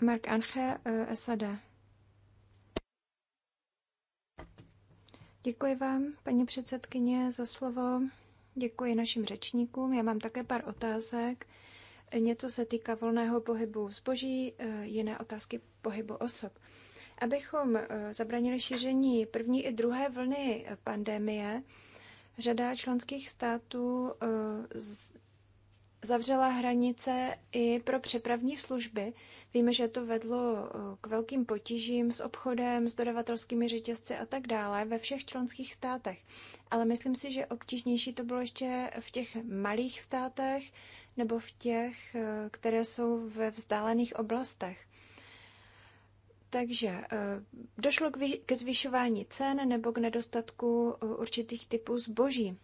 Mark Anche, uh, SAD. Děkuji vám, paní předsedkyně, za slovo. Děkuji našim řečníkům. Já mám také pár otázek. Něco se týká volného pohybu zboží, eh, jiné otázky pohybu osob. Abychom eh, zabránili šíření první i druhé vlny pandemie, řada členských států eh, zavřela hranice i pro přepravní služby. Víme, že to vedlo eh, k velkým potížím s obchodem, s dodavatelskými řetězci a tak dále ve všech členských státech. Ale myslím si, že obtížnější to bylo ještě v těch malých státech nebo v těch, eh, které jsou ve vzdálených oblastech. Takže eh, došlo k, zvýšování cen nebo k nedostatku určitých typů zboží.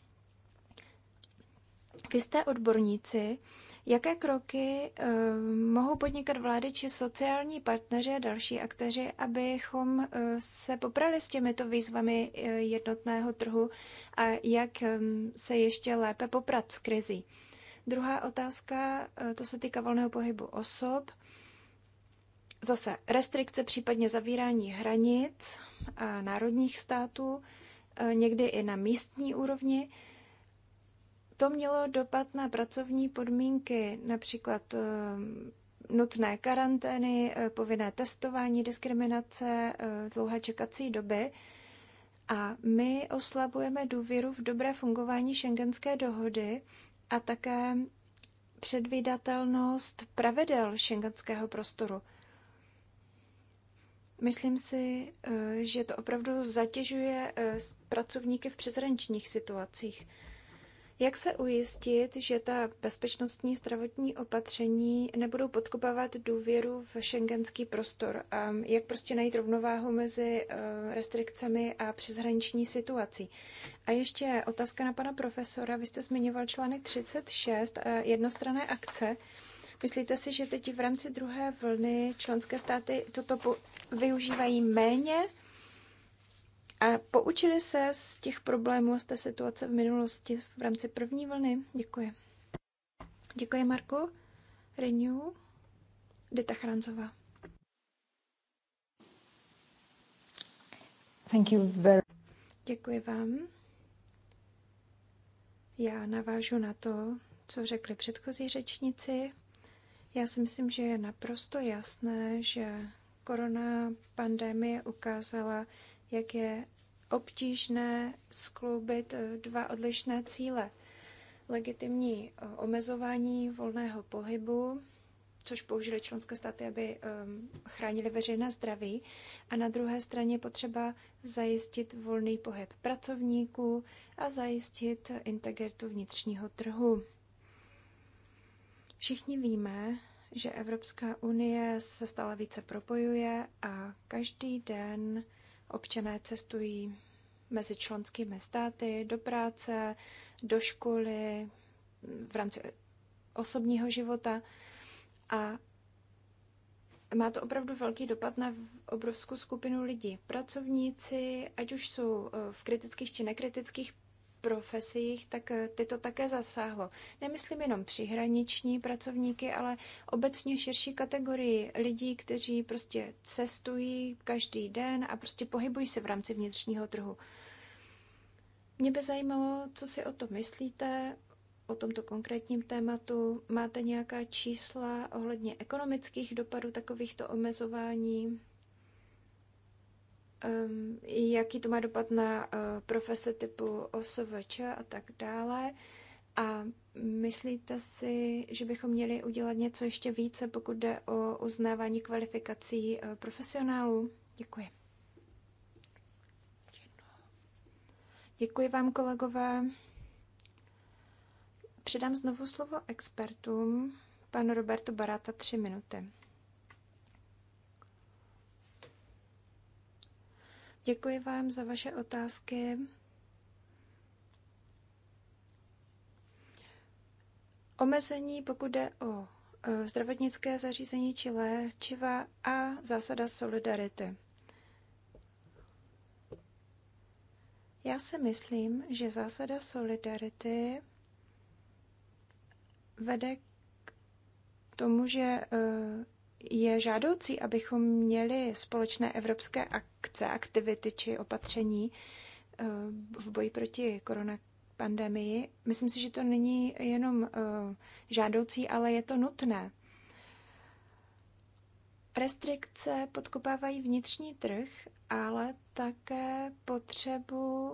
Vy jste odborníci. Jaké kroky uh, mohou podnikat vlády či sociální partneři a další aktéři, abychom uh, se poprali s těmito výzvami uh, jednotného trhu a jak um, se ještě lépe poprat s krizí? Druhá otázka, uh, to se týká volného pohybu osob. Zase restrikce, případně zavírání hranic a národních států, uh, někdy i na místní úrovni. Uh, to mělo dopad na pracovní podmínky, například eh, nutné karantény, eh, povinné testování, diskriminace, eh, dlouhé čekací doby. A my oslabujeme důvěru v dobré fungování šengenské dohody a také předvídatelnost pravidel šengenského prostoru. Myslím si, že to opravdu zatěžuje pracovníky v přezrančních situacích. Jak se ujistit, že ta bezpečnostní zdravotní opatření nebudou podkopávat důvěru v šengenský prostor? A jak prostě najít rovnováhu mezi eh, restrikcemi a přeshraniční situací? A ještě otázka na pana profesora. Vy jste zmiňoval článek 36, eh, jednostranné akce. Myslíte si, že teď v rámci druhé vlny členské státy toto využívají méně? A poučili se z těch problémů a z té situace v minulosti v rámci první vlny? Děkuji. Děkuji, Marku. Renew. Dita Chranzová. Thank you very... Děkuji vám. Já navážu na to, co řekli předchozí řečníci. Já si myslím, že je naprosto jasné, že korona pandemie ukázala, jak je obtížné skloubit eh, dva odlišné cíle. Legitimní eh, omezování volného pohybu, což použili členské státy, aby ehm, chránili veřejné zdraví, a na druhé straně potřeba zajistit volný pohyb pracovníků a zajistit integritu vnitřního trhu. Všichni víme, že Evropská unie se stále více propojuje a každý den Občané cestují mezi členskými státy, do práce, do školy, v rámci osobního života a má to opravdu velký dopad na obrovskou skupinu lidí. Pracovníci, ať už jsou eh, v kritických či nekritických profesích, tak eh, ty to také zasáhlo. Nemyslím jenom přihraniční pracovníky, ale obecně širší kategorii lidí, kteří prostě cestují každý den a prostě pohybují se v rámci vnitřního trhu. Mě by zajímalo, co si o to myslíte, o tomto konkrétním tématu. Máte nějaká čísla ohledně ekonomických dopadů takovýchto omezování? Ehm, jaký to má dopad na eh, profese typu OSVČ a tak dále. A myslíte si, že bychom měli udělat něco ještě více, pokud jde o uznávání kvalifikací eh, profesionálů? Děkuji. Děkuji vám, kolegové. Předám znovu slovo expertům. Panu Roberto Barata, tři minuty. Děkuji vám za vaše otázky. Omezení, pokud jde o e, zdravotnické zařízení či léčiva a zásada solidarity. Já si myslím, že zásada solidarity vede k tomu, že e, je žádoucí, abychom měli společné evropské akce, aktivity či opatření eh, v boji proti koronapandemii. Myslím si, že to není jenom eh, žádoucí, ale je to nutné. Restrikce podkopávají vnitřní trh, ale také potřebu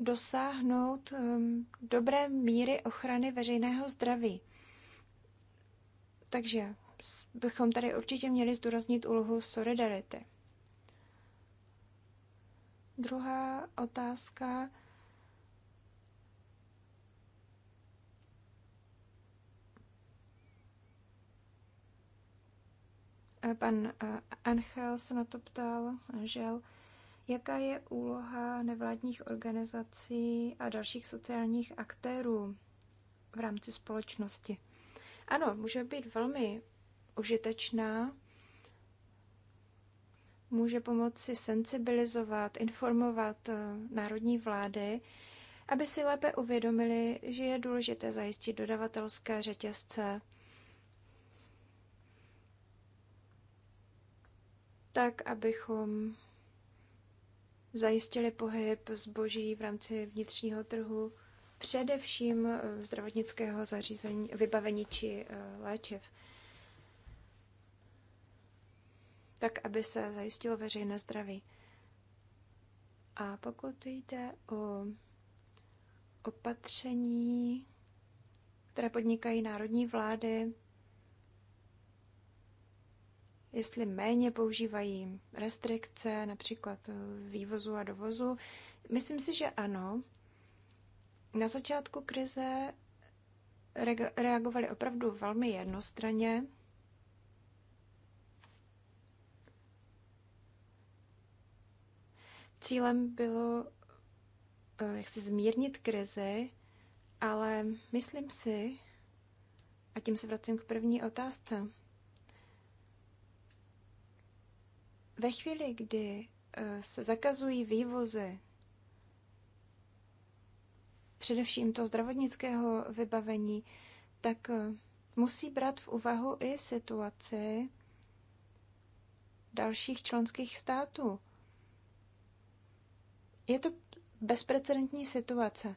dosáhnout ehm, dobré míry ochrany veřejného zdraví. Takže bychom tady určitě měli zdůraznit úlohu solidarity. Druhá otázka. Pan eh, Angel se na to ptal, Angel, jaká je úloha nevládních organizací a dalších sociálních aktérů v rámci společnosti. Ano, může být velmi užitečná. Může pomoci sensibilizovat, informovat eh, národní vlády, aby si lépe uvědomili, že je důležité zajistit dodavatelské řetězce, tak abychom zajistili pohyb zboží v rámci vnitřního trhu, především eh, zdravotnického zařízení, vybavení či eh, léčiv. tak aby se zajistilo veřejné zdraví. A pokud jde o opatření, které podnikají národní vlády, jestli méně používají restrikce, například vývozu a dovozu, myslím si, že ano. Na začátku krize reagovali opravdu velmi jednostranně Cílem bylo eh, jak si zmírnit krizi, ale myslím si, a tím se vracím k první otázce, ve chvíli, kdy eh, se zakazují vývozy, především toho zdravotnického vybavení, tak eh, musí brát v úvahu i situaci dalších členských států. Je to bezprecedentní situace.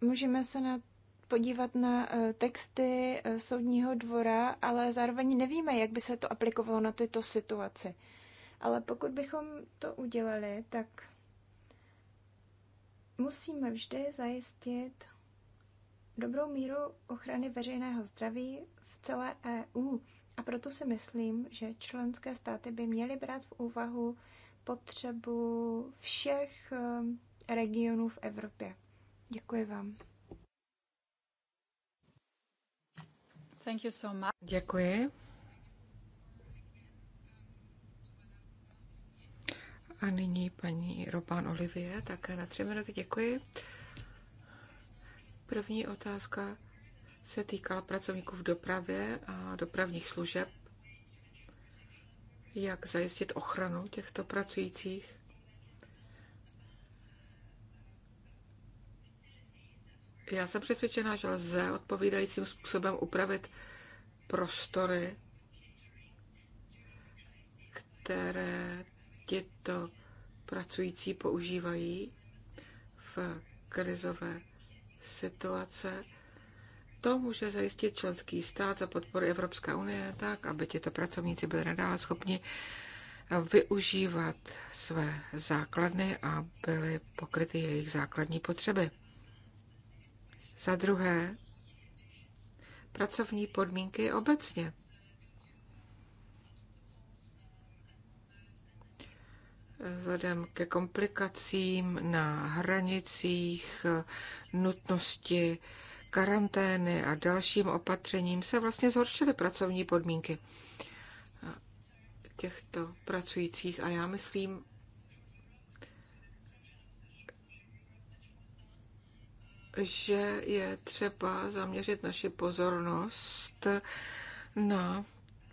Můžeme se na, podívat na eh, texty eh, soudního dvora, ale zároveň nevíme, jak by se to aplikovalo na tyto situaci. Ale pokud bychom to udělali, tak musíme vždy zajistit dobrou míru ochrany veřejného zdraví v celé EU. A proto si myslím, že členské státy by měly brát v úvahu potřebu všech ehm, regionů v Evropě. Děkuji vám. Thank you so much. Děkuji. A nyní paní Robán Olivie, také na tři minuty. Děkuji. První otázka se týkala pracovníků v dopravě a dopravních služeb, jak zajistit ochranu těchto pracujících. Já jsem přesvědčená, že lze odpovídajícím způsobem upravit prostory, které tito pracující používají v krizové situace to může zajistit členský stát za podpory Evropské unie tak, aby tito pracovníci byli nadále schopni využívat své základny a byly pokryty jejich základní potřeby. Za druhé, pracovní podmínky obecně. Vzhledem ke komplikacím na hranicích, nutnosti karantény a dalším opatřením se vlastně zhoršily pracovní podmínky těchto pracujících. A já myslím, že je třeba zaměřit naši pozornost na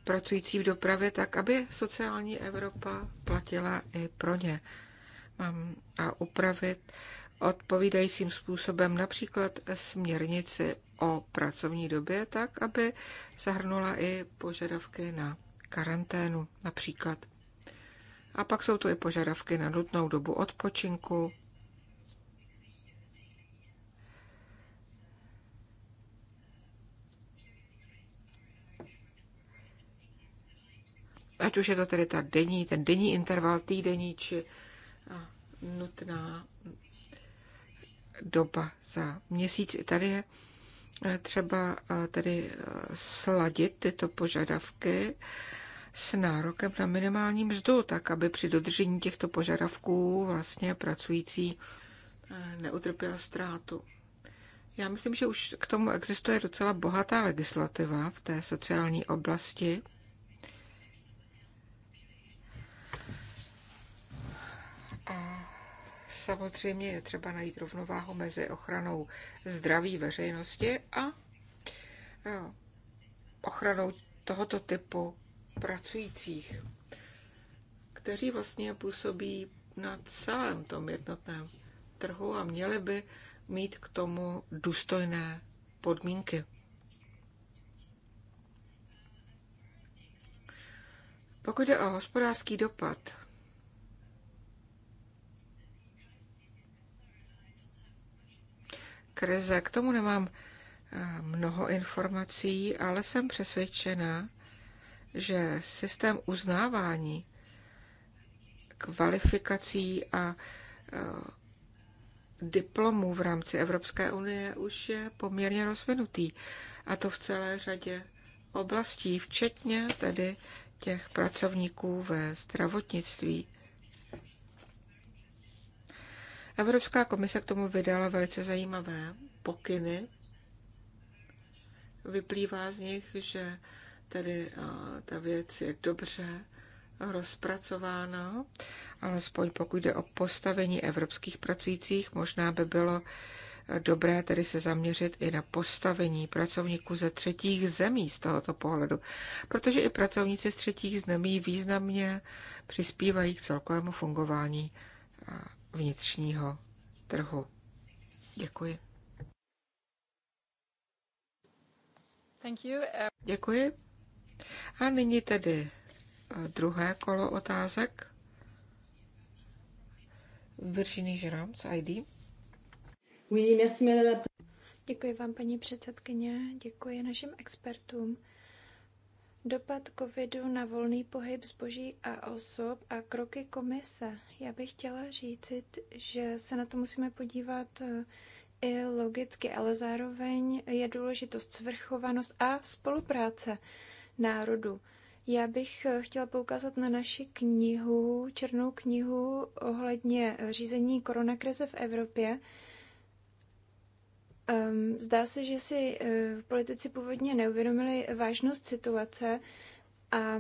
pracující v dopravě tak, aby sociální Evropa platila i pro ně. a upravit odpovídajícím způsobem například směrnici o pracovní době, tak aby zahrnula i požadavky na karanténu například. A pak jsou to i požadavky na nutnou dobu odpočinku, ať už je to tedy ta denní, ten denní interval, týdenní či nutná doba za měsíc. Itálie tady eh, třeba eh, tedy eh, sladit tyto požadavky s nárokem na minimální mzdu, tak aby při dodržení těchto požadavků vlastně pracující neutrpěla ztrátu. Já myslím, že už k tomu existuje docela bohatá legislativa v té sociální oblasti. Samozřejmě je třeba najít rovnováhu mezi ochranou zdraví veřejnosti a ochranou tohoto typu pracujících, kteří vlastně působí na celém tom jednotném trhu a měli by mít k tomu důstojné podmínky. Pokud jde o hospodářský dopad, krize. K tomu nemám eh, mnoho informací, ale jsem přesvědčena, že systém uznávání kvalifikací a eh, diplomů v rámci Evropské unie už je poměrně rozvinutý. A to v celé řadě oblastí, včetně tedy těch pracovníků ve zdravotnictví. Evropská komise k tomu vydala velice zajímavé pokyny. Vyplývá z nich, že tedy eh, ta věc je dobře rozpracována, alespoň pokud jde o postavení evropských pracujících, možná by bylo eh, dobré tedy se zaměřit i na postavení pracovníků ze třetích zemí z tohoto pohledu, protože i pracovníci z třetích zemí významně přispívají k celkovému fungování eh, vnitřního trhu. Děkuji. Děkuji. A nyní tedy eh, druhé kolo otázek. Virginie Žeram z ID. Děkuji vám, paní předsedkyně, děkuji našim expertům Dopad covidu na volný pohyb zboží a osob a kroky komise. Já bych chtěla říct, že se na to musíme podívat eh, i logicky, ale zároveň je důležitost svrchovanost a spolupráce národu. Já bych eh, chtěla poukázat na naši knihu, černou knihu ohledně řízení koronakrize v Evropě, Um, zdá se, že si uh, politici původně neuvědomili vážnost situace a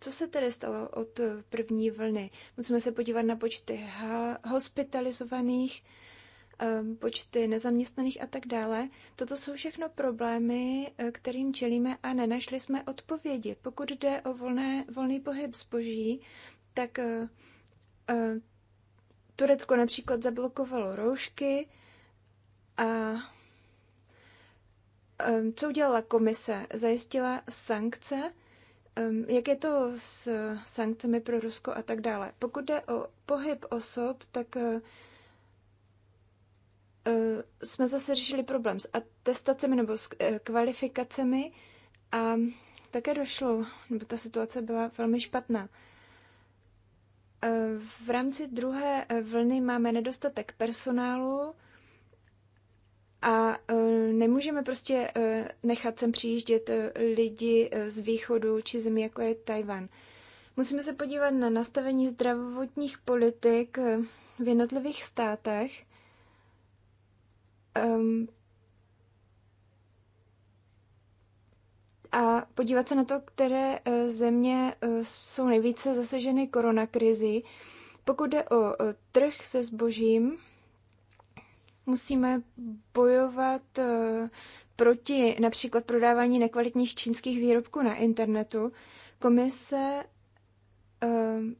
co se tedy stalo od eh, první vlny? Musíme se podívat na počty hospitalizovaných, ehm, počty nezaměstnaných a tak dále. Toto jsou všechno problémy, eh, kterým čelíme a nenašli jsme odpovědi. Pokud jde o volné, volný pohyb zboží, tak Turecko například zablokovalo roušky a Ehm, co udělala komise? Zajistila sankce? Ehm, jak je to s sankcemi pro Rusko a tak dále? Pokud jde o pohyb osob, tak eh, eh, jsme zase řešili problém s atestacemi nebo s eh, kvalifikacemi a také došlo, nebo ta situace byla velmi špatná. V rámci druhé vlny máme nedostatek personálu, a e, nemůžeme prostě e, nechat sem přijíždět e, lidi z východu či zemí, jako je Tajvan. Musíme se podívat na nastavení zdravotních politik v jednotlivých státech. Um, a podívat se na to, které země jsou nejvíce zasaženy koronakrizi. Pokud jde o trh se zbožím, Musíme bojovat eh, proti například prodávání nekvalitních čínských výrobků na internetu. Komise eh,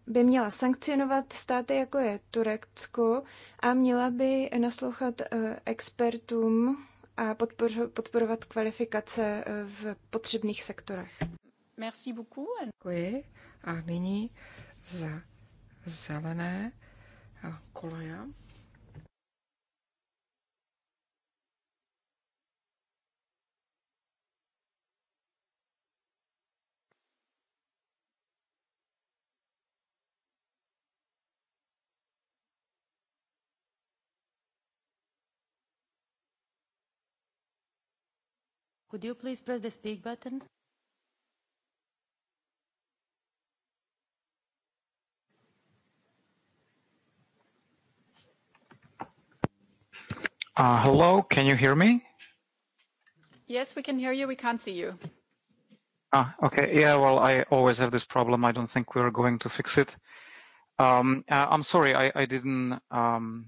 by měla sankcionovat státy, jako je Turecko, a měla by naslouchat eh, expertům a podporovat kvalifikace v potřebných sektorech. Merci beaucoup. Děkuji. A nyní za zelené koleja. Could you please press the speak button? Uh, hello, can you hear me? Yes, we can hear you. We can't see you. Ah, okay. Yeah, well, I always have this problem. I don't think we're going to fix it. Um, uh, I'm sorry, I, I didn't um,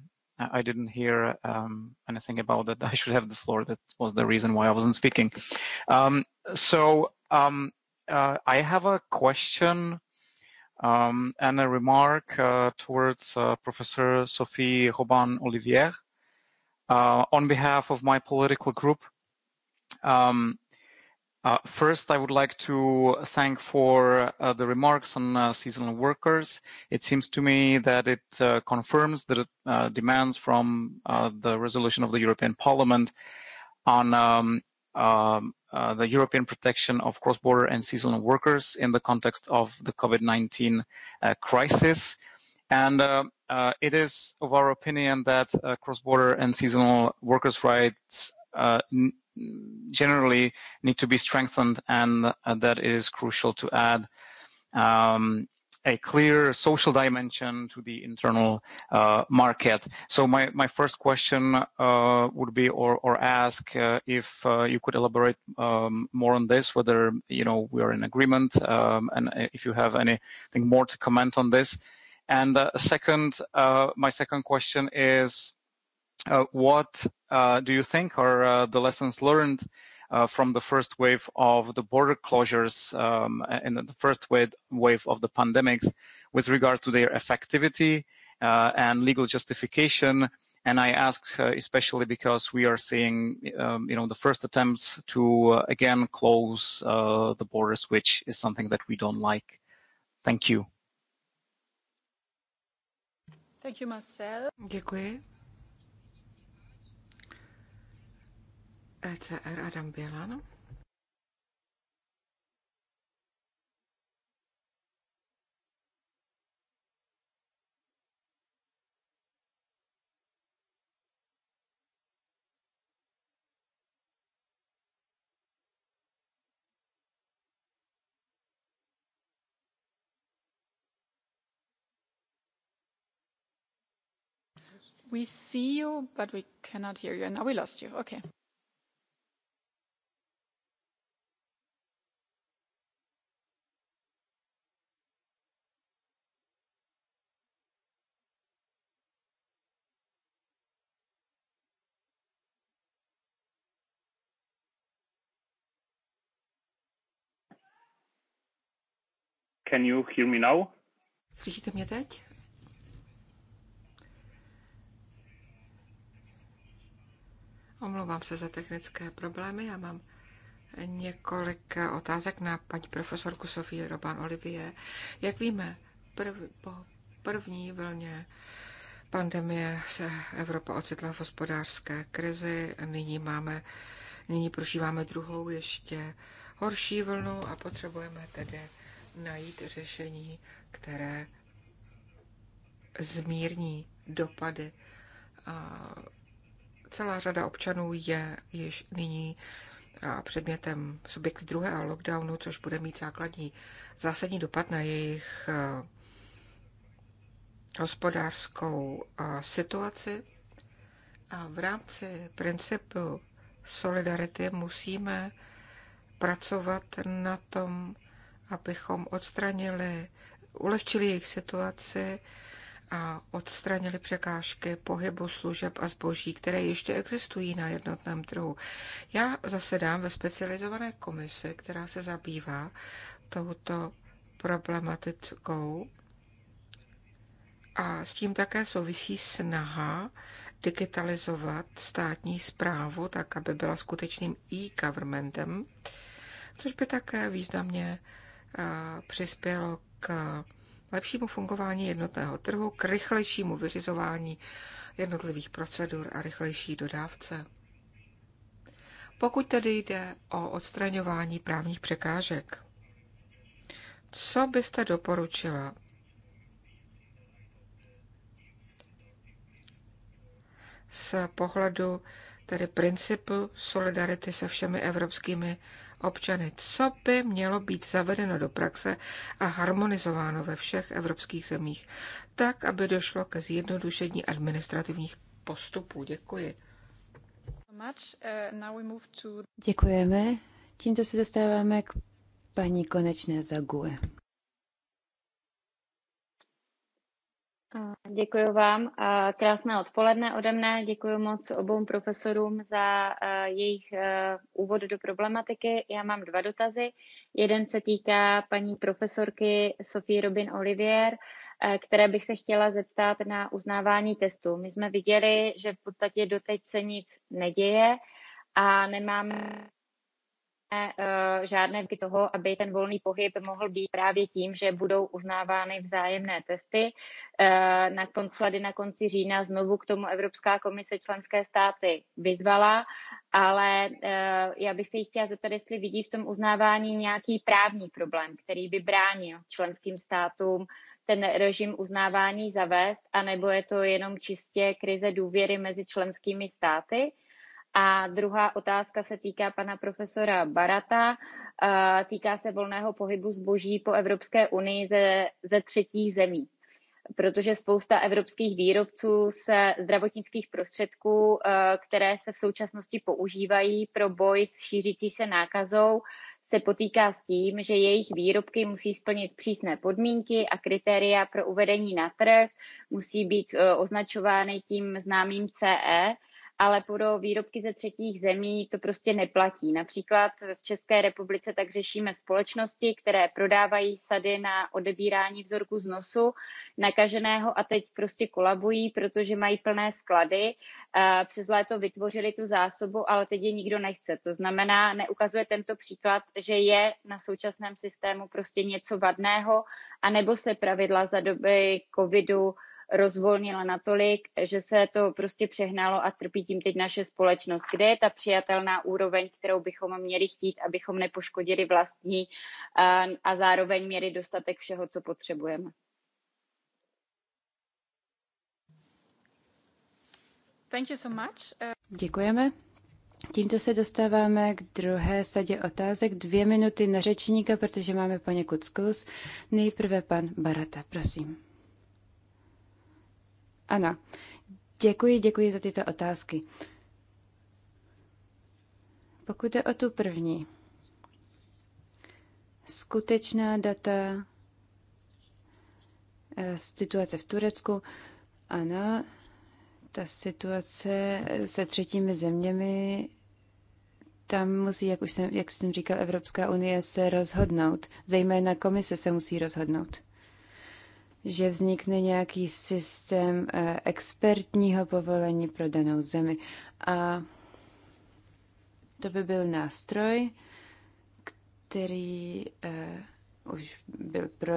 i didn't hear um, anything about that. I should have the floor. That was the reason why I wasn't speaking. Um, so um, uh, I have a question um, and a remark uh, towards uh, Professor Sophie Robin Olivier uh, on behalf of my political group. Um, Uh, first, I would like to thank for uh, the remarks on uh, seasonal workers. It seems to me that it uh, confirms the uh, demands from uh, the resolution of the European Parliament on um, um, uh, the European protection of cross-border and seasonal workers in the context of the COVID-19 uh, crisis. And uh, uh, it is of our opinion that uh, cross-border and seasonal workers' rights uh, generally need to be strengthened and uh, that it is crucial to add um, a clear social dimension to the internal uh, market. So my, my first question uh, would be or, or ask uh, if uh, you could elaborate um, more on this, whether you know we are in agreement um, and uh, if you have anything more to comment on this. And uh, second, uh, my second question is Uh, what uh, do you think are uh, the lessons learned uh, from the first wave of the border closures um, and the first wave, wave of the pandemics with regard to their effectivity uh, and legal justification? And I ask uh, especially because we are seeing, um, you know, the first attempts to uh, again close uh, the borders, which is something that we don't like. Thank you. Thank you, Marcel. Děkuji. ECR Adam Bělan. We see you, but we cannot hear you. Now we lost you. Okay. Can you hear me now? Slyšíte mě teď? Omlouvám se za technické problémy. Já mám několik otázek na paní profesorku Sofii Robán Olivier. Jak víme, prv, po první vlně pandemie se Evropa ocitla v hospodářské krizi. Nyní máme, nyní prožíváme druhou ještě horší vlnu a potřebujeme tedy najít řešení, které zmírní dopady. A celá řada občanů je již nyní předmětem subjektu druhého lockdownu, což bude mít základní, zásadní dopad na jejich hospodářskou situaci. A v rámci principu solidarity musíme pracovat na tom, abychom odstranili, ulehčili jejich situaci a odstranili překážky pohybu služeb a zboží, které ještě existují na jednotném trhu. Já zasedám ve specializované komisi, která se zabývá touto problematikou a s tím také souvisí snaha digitalizovat státní zprávu tak, aby byla skutečným e-governmentem, což by také významně přispělo k lepšímu fungování jednotného trhu, k rychlejšímu vyřizování jednotlivých procedur a rychlejší dodávce. Pokud tedy jde o odstraňování právních překážek, co byste doporučila? Z pohledu tedy principu solidarity se všemi evropskými občany. Co by mělo být zavedeno do praxe a harmonizováno ve všech evropských zemích, tak, aby došlo ke zjednodušení administrativních postupů? Děkuji. Děkujeme. Tímto se dostáváme k paní Konečné Zague. Děkuji vám a krásné odpoledne ode mne. Děkuji moc obou profesorům za eh, jejich eh, úvod do problematiky. Já mám dva dotazy. Jeden se týká paní profesorky Sofie Robin Olivier, eh, které bych se chtěla zeptat na uznávání testů. My jsme viděli, že v podstatě doteď se nic neděje a nemáme E, e, žádné vky toho, aby ten volný pohyb mohl být právě tím, že budou uznávány vzájemné testy. E, na konci, na konci října znovu k tomu Evropská komise členské státy vyzvala, ale já bych se jí chtěla zeptat, jestli vidí v tom uznávání nějaký právní problém, který by bránil členským státům ten režim uznávání zavést, anebo je to jenom čistě krize důvěry mezi členskými státy. A druhá otázka se týká pana profesora Barata. Týká se volného pohybu zboží po Evropské unii ze, ze třetích zemí protože spousta evropských výrobců se zdravotnických prostředků, e, které se v současnosti používají pro boj s šířící se nákazou, se potýká s tím, že jejich výrobky musí splnit přísné podmínky a kritéria pro uvedení na trh, musí být e, označovány tím známým CE, ale pro výrobky ze třetích zemí to prostě neplatí. Například v České republice tak řešíme společnosti, které prodávají sady na odebírání vzorku z nosu nakaženého a teď prostě kolabují, protože mají plné sklady. Eh, přes léto vytvořili tu zásobu, ale teď je nikdo nechce. To znamená, neukazuje tento příklad, že je na současném systému prostě něco vadného, anebo se pravidla za doby covidu rozvolnila natolik, že se to prostě přehnalo a trpí tím teď naše společnost. Kde je ta přijatelná úroveň, kterou bychom měli chtít, abychom nepoškodili vlastní a, a zároveň měli dostatek všeho, co potřebujeme? Thank you so much. Uh... Děkujeme. Tímto se dostáváme k druhé sadě otázek. Dvě minuty na řečníka, protože máme poněkud sklus. Nejprve pan Barata, prosím. Ana, děkuji, děkuji za tyto otázky. Pokud je o tu první, skutečná data eh, situace v Turecku, ano, ta situace se třetími zeměmi, tam musí, jak už jsem, jak jsem říkal, Evropská unie se rozhodnout, zejména komise se musí rozhodnout že vznikne nějaký systém eh, expertního povolení pro danou zemi. A to by byl nástroj, který eh, už byl pro,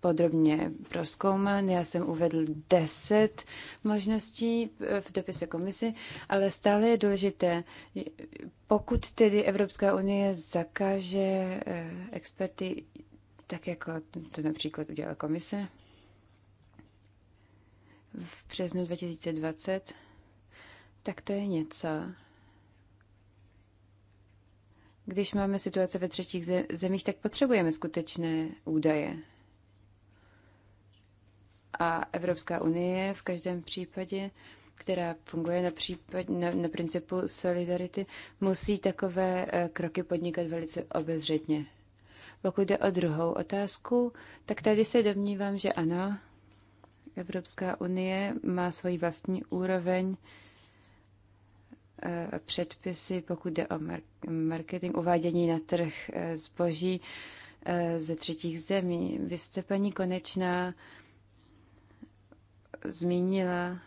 podrobně proskoumán. Já jsem uvedl deset možností eh, v dopise komisi, ale stále je důležité, pokud tedy Evropská unie zakáže experty, tak jako to například udělala komise v březnu 2020, tak to je něco. Když máme situace ve třetích zemích, tak potřebujeme skutečné údaje. A Evropská unie v každém případě, která funguje na, případ, na, na principu solidarity, musí takové eh, kroky podnikat velice obezřetně. Pokud jde o druhou otázku, tak tady se domnívám, že ano, Evropská unie má svoji vlastní úroveň eh, předpisy, pokud jde o marketing, uvádění na trh eh, zboží eh, ze třetích zemí. Vy jste, paní Konečná, zmínila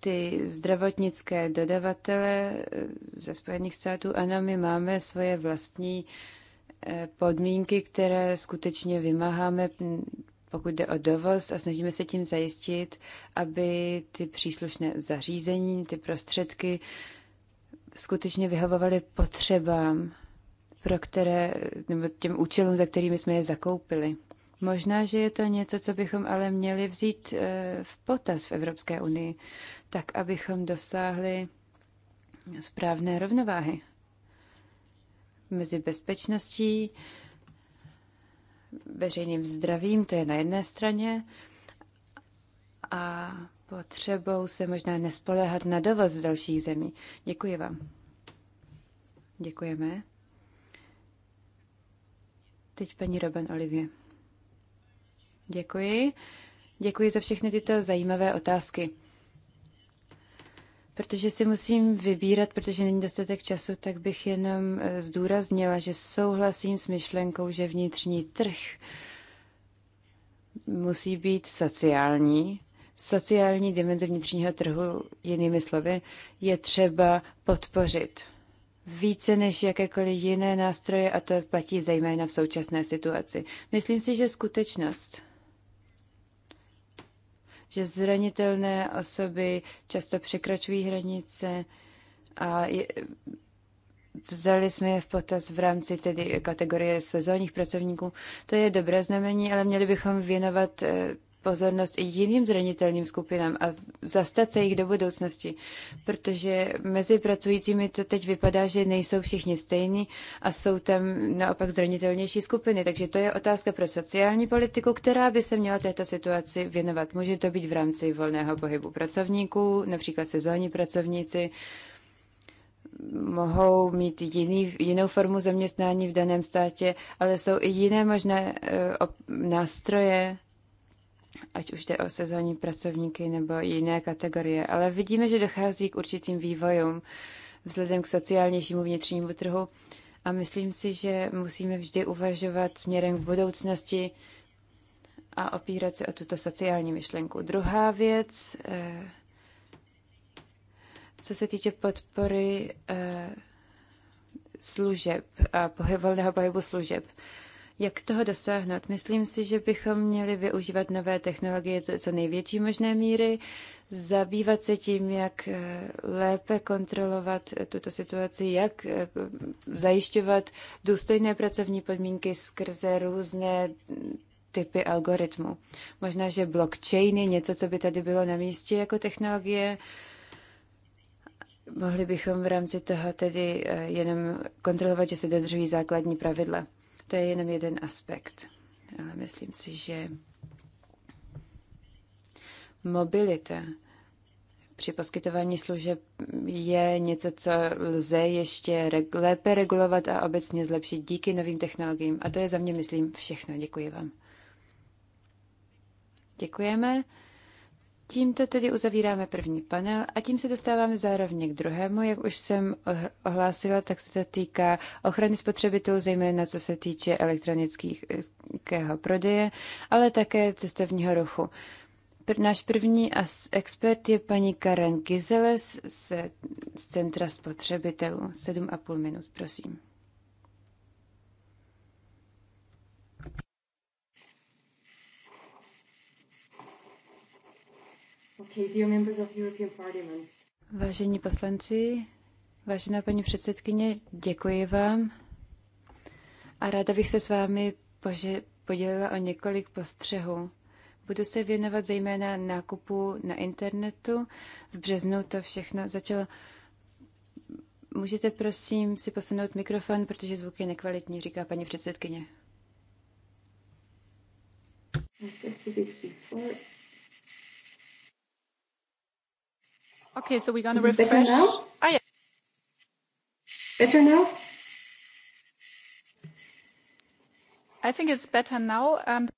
ty zdravotnické dodavatele eh, ze Spojených států, ano, my máme svoje vlastní eh, podmínky, které skutečně vymáháme, pokud jde o dovoz a snažíme se tím zajistit, aby ty příslušné zařízení, ty prostředky skutečně vyhovovaly potřebám, pro které, nebo těm účelům, za kterými jsme je zakoupili. Možná, že je to něco, co bychom ale měli vzít eh, v potaz v Evropské unii, tak abychom dosáhli správné rovnováhy mezi bezpečností, veřejným zdravím, to je na jedné straně, a potřebou se možná nespoléhat na dovoz z dalších zemí. Děkuji vám. Děkujeme. Teď paní Robin Olivier. Děkuji. Děkuji za všechny tyto zajímavé otázky. Protože si musím vybírat, protože není dostatek času, tak bych jenom eh, zdůraznila, že souhlasím s myšlenkou, že vnitřní trh musí být sociální. Sociální dimenze vnitřního trhu, jinými slovy, je třeba podpořit více než jakékoliv jiné nástroje a to platí zejména v současné situaci. Myslím si, že skutečnost, že zranitelné osoby často překračují hranice a je, vzali jsme je v potaz v rámci tedy kategorie sezónních pracovníků. To je dobré znamení, ale měli bychom věnovat eh, pozornost i jiným zranitelným skupinám a zastat se jich do budoucnosti, protože mezi pracujícími to teď vypadá, že nejsou všichni stejní a jsou tam naopak zranitelnější skupiny. Takže to je otázka pro sociální politiku, která by se měla této situaci věnovat. Může to být v rámci volného pohybu pracovníků, například sezónní pracovníci, mohou mít jiný, jinou formu zaměstnání v daném státě, ale jsou i jiné možné eh, nástroje, ať už jde o sezónní pracovníky nebo jiné kategorie. Ale vidíme, že dochází k určitým vývojům vzhledem k sociálnějšímu vnitřnímu trhu a myslím si, že musíme vždy uvažovat směrem k budoucnosti a opírat se o tuto sociální myšlenku. Druhá věc, eh, co se týče podpory eh, služeb a volného pohybu služeb. Jak toho dosáhnout? Myslím si, že bychom měli využívat nové technologie co největší možné míry, zabývat se tím, jak eh, lépe kontrolovat eh, tuto situaci, jak eh, zajišťovat důstojné pracovní podmínky skrze různé mm, typy algoritmu. Možná, že blockchain je něco, co by tady bylo na místě jako technologie. Mohli bychom v rámci toho tedy jenom kontrolovat, že se dodržují základní pravidla. To je jenom jeden aspekt. Ale myslím si, že mobilita při poskytování služeb je něco, co lze ještě reg- lépe regulovat a obecně zlepšit díky novým technologiím. A to je za mě, myslím, všechno. Děkuji vám. Děkujeme. Tímto tedy uzavíráme první panel a tím se dostáváme zároveň k druhému. Jak už jsem ohlásila, tak se to týká ochrany spotřebitelů, zejména co se týče elektronického prodeje, ale také cestovního ruchu. Náš první expert je paní Karen Gizeles z Centra spotřebitelů. 7,5 minut, prosím. Vážení poslanci, vážená paní předsedkyně, děkuji vám a ráda bych se s vámi pože- podělila o několik postřehů. Budu se věnovat zejména nákupu na internetu. V březnu to všechno začalo. Můžete prosím si posunout mikrofon, protože zvuk je nekvalitní, říká paní předsedkyně. Okay, so we're gonna Is refresh. Better now? Oh, yeah. Better now? I think it's better now. Um...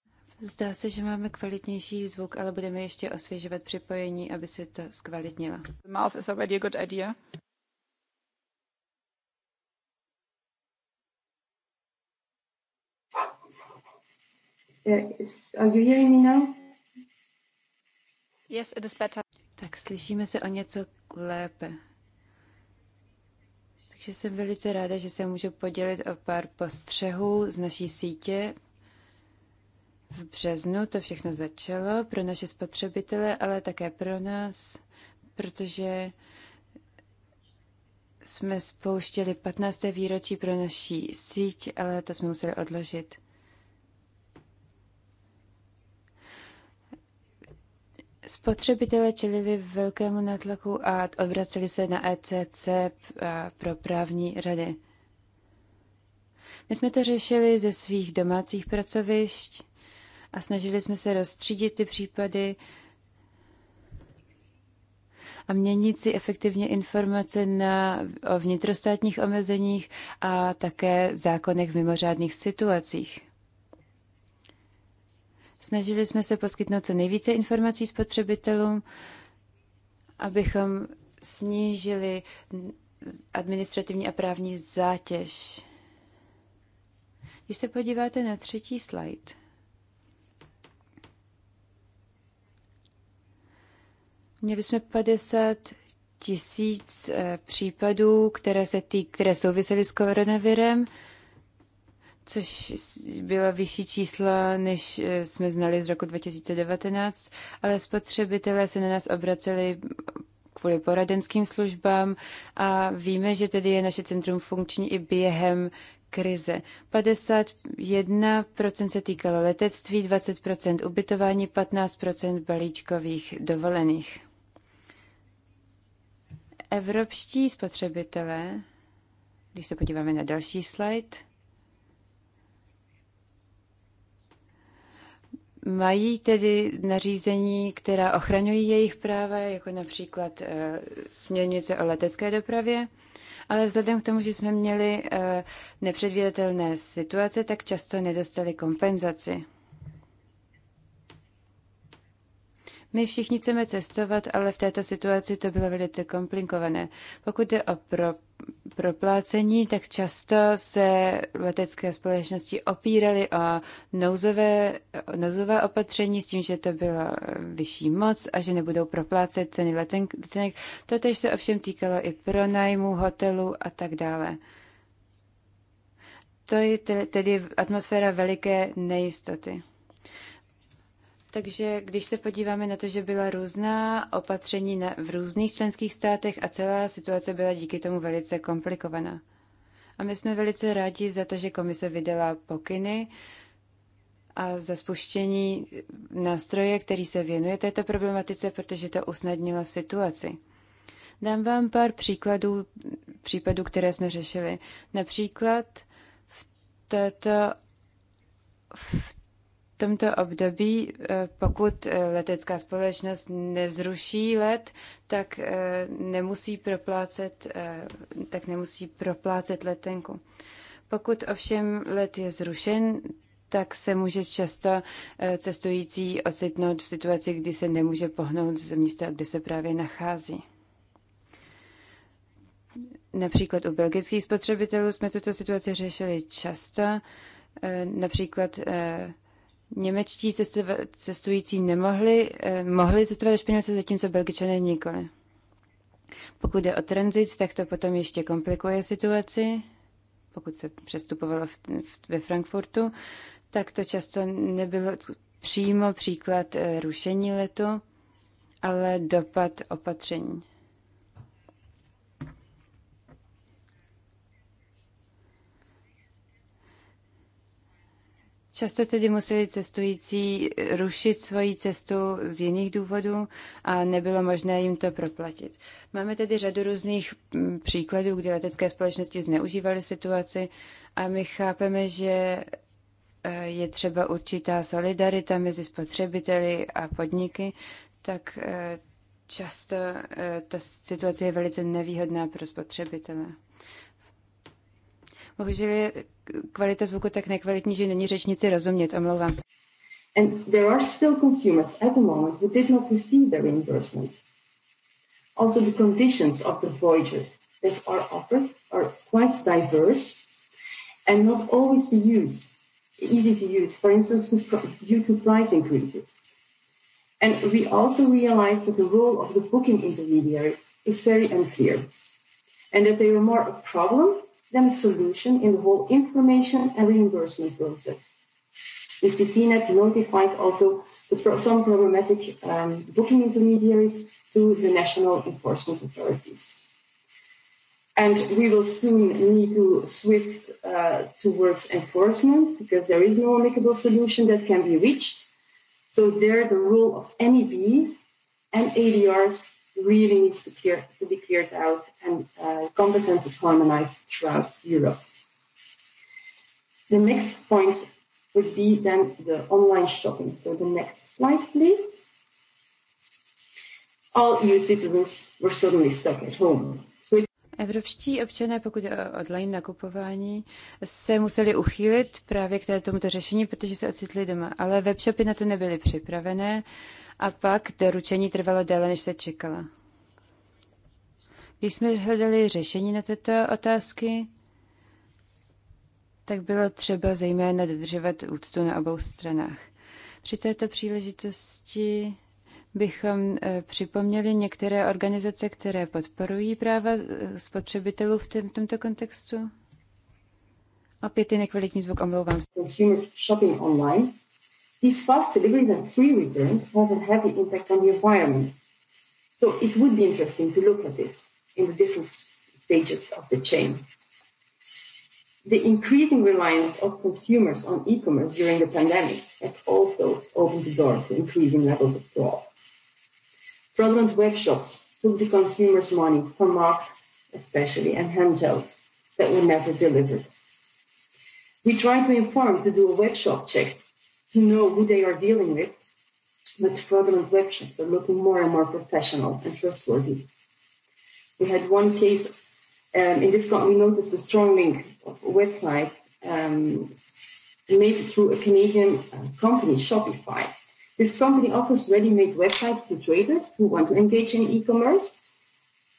Zdá se, že máme kvalitnější zvuk, ale budeme ještě osvěžovat připojení, aby se to zkvalitnilo. The mouth is already a good idea. Uh, is, are you hearing me now? Yes, it is better. Tak slyšíme se o něco lépe. Takže jsem velice ráda, že se můžu podělit o pár postřehů z naší sítě. V březnu to všechno začalo pro naše spotřebitele, ale také pro nás, protože jsme spouštěli 15. výročí pro naší síť, ale to jsme museli odložit. Spotřebitelé čelili velkému natlaku a obraceli se na ECC pro právní rady. My jsme to řešili ze svých domácích pracovišť a snažili jsme se rozstřídit ty případy a měnit si efektivně informace na, o vnitrostátních omezeních a také zákonech v mimořádných situacích. Snažili jsme se poskytnout co nejvíce informací spotřebitelům, abychom snížili administrativní a právní zátěž. Když se podíváte na třetí slide, měli jsme 50 tisíc eh, případů, které, se tý, které souvisely s koronavirem což byla vyšší čísla, než eh, jsme znali z roku 2019, ale spotřebitelé se na nás obraceli kvůli poradenským službám a víme, že tedy je naše centrum funkční i během krize. 51% se týkalo letectví, 20% ubytování, 15% balíčkových dovolených. Evropští spotřebitelé, když se podíváme na další slide, Mají tedy nařízení, která ochraňují jejich práva, jako například uh, směrnice o letecké dopravě, ale vzhledem k tomu, že jsme měli uh, nepředvídatelné situace, tak často nedostali kompenzaci. My všichni chceme cestovat, ale v této situaci to bylo velice komplikované. Pokud jde o pro, proplácení, tak často se letecké společnosti opíraly o nouzové, nouzové opatření s tím, že to byla vyšší moc a že nebudou proplácet ceny letenek. Totež se ovšem týkalo i pronájmu, hotelu a tak dále. To je tedy atmosféra veliké nejistoty. Takže když se podíváme na to, že byla různá opatření na, v různých členských státech a celá situace byla díky tomu velice komplikovaná. A my jsme velice rádi za to, že komise vydala pokyny a za spuštění nástroje, který se věnuje této problematice, protože to usnadnilo situaci. Dám vám pár příkladů, případů, které jsme řešili. Například v této v tomto období, eh, pokud eh, letecká společnost nezruší let, tak eh, nemusí proplácet, tak nemusí proplácet letenku. Pokud ovšem let je zrušen, tak se může často cestující ocitnout v situaci, kdy se nemůže pohnout z místa, kde se právě nachází. Například u belgických spotřebitelů jsme tuto situaci řešili často. Například Němečtí cestující nemohli, eh, mohli cestovat do Španělska, zatímco Belgičané nikoli. Pokud jde o tranzit, tak to potom ještě komplikuje situaci. Pokud se přestupovalo v, v, ve Frankfurtu, tak to často nebylo přímo příklad eh, rušení letu, ale dopad opatření. Často tedy museli cestující rušit svoji cestu z jiných důvodů a nebylo možné jim to proplatit. Máme tedy řadu různých mm, příkladů, kdy letecké společnosti zneužívaly situaci a my chápeme, že eh, je třeba určitá solidarita mezi spotřebiteli a podniky, tak eh, často eh, ta situace je velice nevýhodná pro spotřebitele. Bohužel je kvalita zvuku tak nekvalitní, že není řečnici rozumět, omlouvám se. And there are still consumers at the moment who did not receive their reimbursement. Also, the conditions of the voyages that are offered are quite diverse and not always to use, easy to use, for instance, to, due to price increases. And we also realize that the role of the booking intermediaries is very unclear and that they are more a problem them solution in the whole information and reimbursement process. The CCNet notified also the, pro- some problematic um, booking intermediaries to the national enforcement authorities. And we will soon need to swift uh, towards enforcement because there is no amicable solution that can be reached. So there, the role of MEBs and ADRs really needs to, clear, to be cleared out and uh, competence is harmonized throughout Europe. The next point would be then the online shopping. So the next slide, please. All EU citizens were suddenly stuck at home. Evropští občané, pokud je o online nakupování, se museli uchýlit právě k tomuto řešení, protože se ocitli doma. Ale webshopy na to nebyly připravené a pak doručení trvalo déle, než se čekala. Když jsme hledali řešení na tyto otázky, tak bylo třeba zejména dodržovat úctu na obou stranách. Při této příležitosti bychom eh, připomněli některé organizace, které podporují práva eh, spotřebitelů v tomto kontextu? Opět je nekvalitní zvuk, omlouvám se. Consumers shopping online. These fast deliveries and free returns have a heavy impact on the environment. So it would be interesting to look at this in the different stages of the chain. The increasing reliance of consumers on e-commerce during the pandemic has also opened the door to increasing levels of fraud. Fragrance workshops took the consumer's money for masks, especially, and hand gels that were never delivered. We try to inform to do a webshop check to know who they are dealing with, but fraudulent webshops are looking more and more professional and trustworthy. We had one case um, in this case we noticed a strong link of websites um, made through a Canadian uh, company, Shopify. This company offers ready-made websites to traders who want to engage in e-commerce,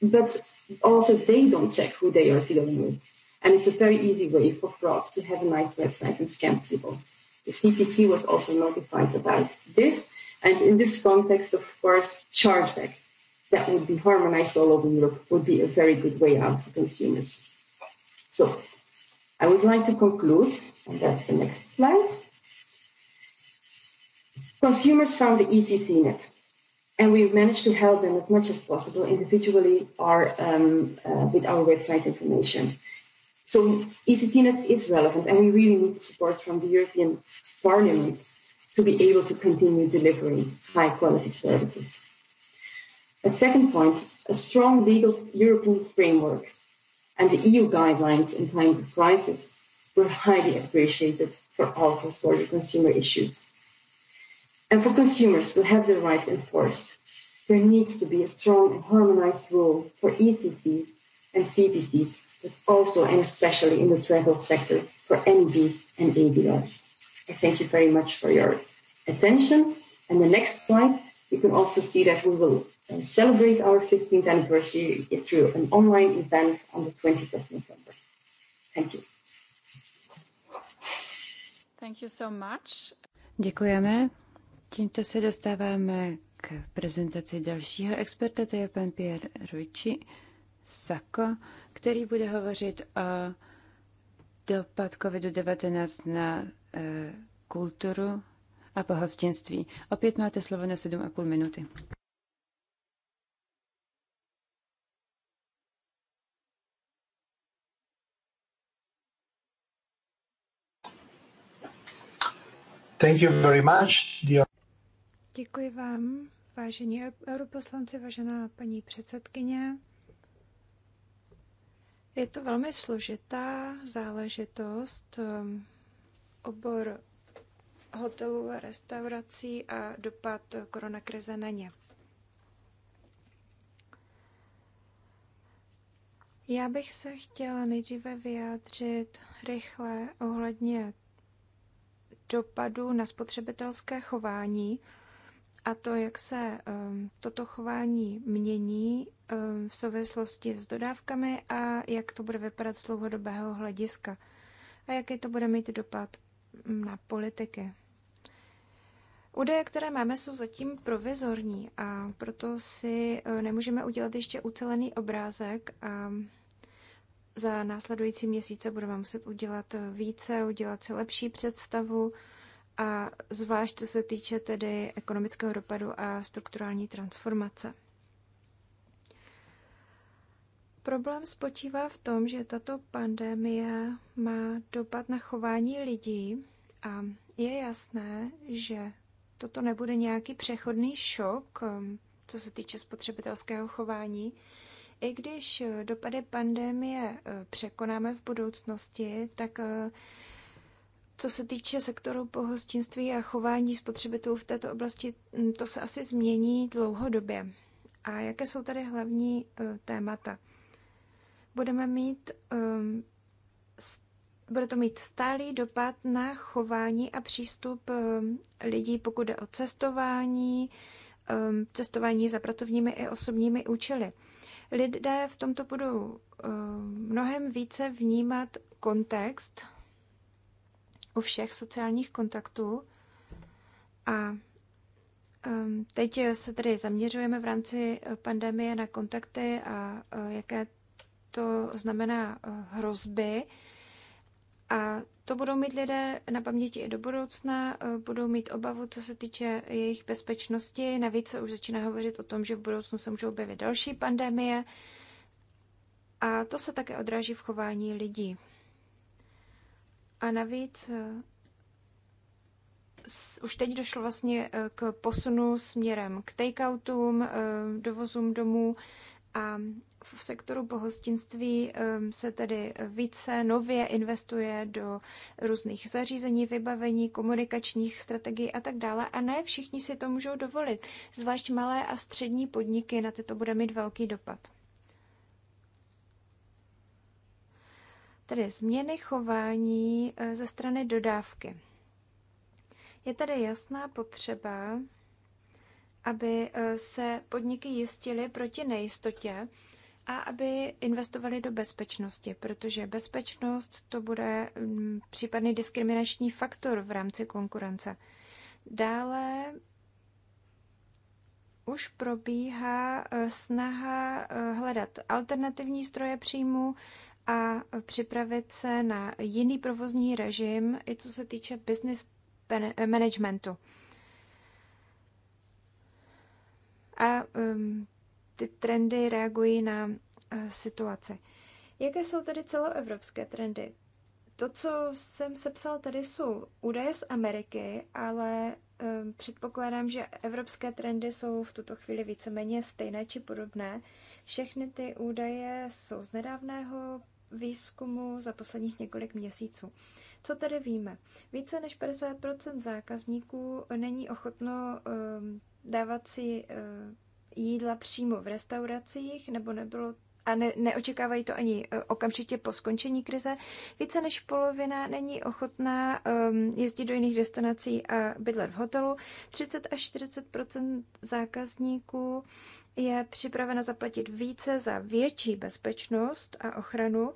but also they don't check who they are dealing with. And it's a very easy way for frauds to have a nice website and scam people. The CPC was also notified about this. And in this context, of course, chargeback that would be harmonized all over Europe would be a very good way out for consumers. So I would like to conclude, and that's the next slide Consumers found the ECCNet, and we've managed to help them as much as possible individually or um, uh, with our website information. So ECCNet is relevant, and we really need the support from the European Parliament to be able to continue delivering high quality services. A second point, a strong legal European framework and the EU guidelines in times of crisis were highly appreciated for all cross-border consumer issues. And for consumers to have their rights enforced, there needs to be a strong and harmonized rule for ECCs and CPCs, but also and especially in the travel sector for NBs and ADRs. I thank you very much for your attention. And the next slide, you can also see that we will uh, celebrate our 15th anniversary through an online event on the 20th of November. Thank you. Thank you so much. Děkujeme. Tímto se dostáváme k prezentaci dalšího experta, to je pan Pierre Ruči Sako, který bude hovořit o dopad COVID-19 na e, kulturu a pohostinství. Opět máte slovo na 7,5 minuty. Thank you very much, dear Děkuji vám, vážení europoslanci, vážená paní předsedkyně. Je to velmi složitá záležitost. Um, obor hotelů a restaurací a dopad koronakrize na ně. Já bych se chtěla nejdříve vyjádřit rychle ohledně dopadu na spotřebitelské chování a to, jak se ehm, toto chování mění ehm, v souvislosti s dodávkami a jak to bude vypadat z dlouhodobého hlediska a jaký to bude mít dopad mm, na politiky. Údaje, které máme, jsou zatím provizorní a proto si eh, nemůžeme udělat ještě ucelený obrázek a za následující měsíce budeme muset udělat eh, více, udělat si lepší představu a zvlášť co se týče tedy ekonomického dopadu a strukturální transformace. Problém spočívá v tom, že tato pandemie má dopad na chování lidí a je jasné, že toto nebude nějaký přechodný šok, um, co se týče spotřebitelského chování. I když dopady pandemie uh, překonáme v budoucnosti, tak uh, co se týče sektoru pohostinství a chování spotřebitelů v této oblasti, mm, to se asi změní dlouhodobě. A jaké jsou tady hlavní e, témata? Budeme mít, um, bude to mít stálý dopad na chování a přístup um, lidí, pokud jde o cestování, um, cestování za pracovními i osobními účely. Lidé v tomto budou um, mnohem více vnímat kontext u všech sociálních kontaktů. A um, teď se tedy zaměřujeme v rámci eh, pandemie na kontakty a eh, jaké to znamená eh, hrozby. A to budou mít lidé na paměti i do budoucna, budou mít obavu, co se týče jejich bezpečnosti. Navíc se už začíná hovořit o tom, že v budoucnu se můžou objevit další pandemie. A to se také odráží v chování lidí. A navíc eh, už teď došlo vlastně eh, k posunu směrem k takeoutům, eh, dovozům domů a v sektoru pohostinství se tedy více nově investuje do různých zařízení, vybavení, komunikačních strategií a tak dále. A ne všichni si to můžou dovolit, zvlášť malé a střední podniky, na ty to bude mít velký dopad. tedy změny chování eh, ze strany dodávky. Je tady jasná potřeba, aby eh, se podniky jistily proti nejistotě a aby investovali do bezpečnosti, protože bezpečnost to bude mm, případný diskriminační faktor v rámci konkurence. Dále už probíhá eh, snaha hledat alternativní stroje příjmu a připravit se na jiný provozní režim, i co se týče business eh, managementu. A um, ty trendy reagují na uh, eh, situaci. Jaké jsou tedy celoevropské trendy? To, co jsem sepsal tady, jsou údaje z Ameriky, ale um, předpokládám, že evropské trendy jsou v tuto chvíli víceméně stejné či podobné. Všechny ty údaje jsou z nedávného výzkumu za posledních několik měsíců. Co tedy víme? Více než 50 zákazníků není ochotno ehm, dávat si eh, jídla přímo v restauracích, nebo nebylo a ne, neočekávají to ani eh, okamžitě po skončení krize. Více než polovina není ochotná um, jezdit do jiných destinací a bydlet v hotelu. 30 až 40 zákazníků je připravena zaplatit více za větší bezpečnost a ochranu,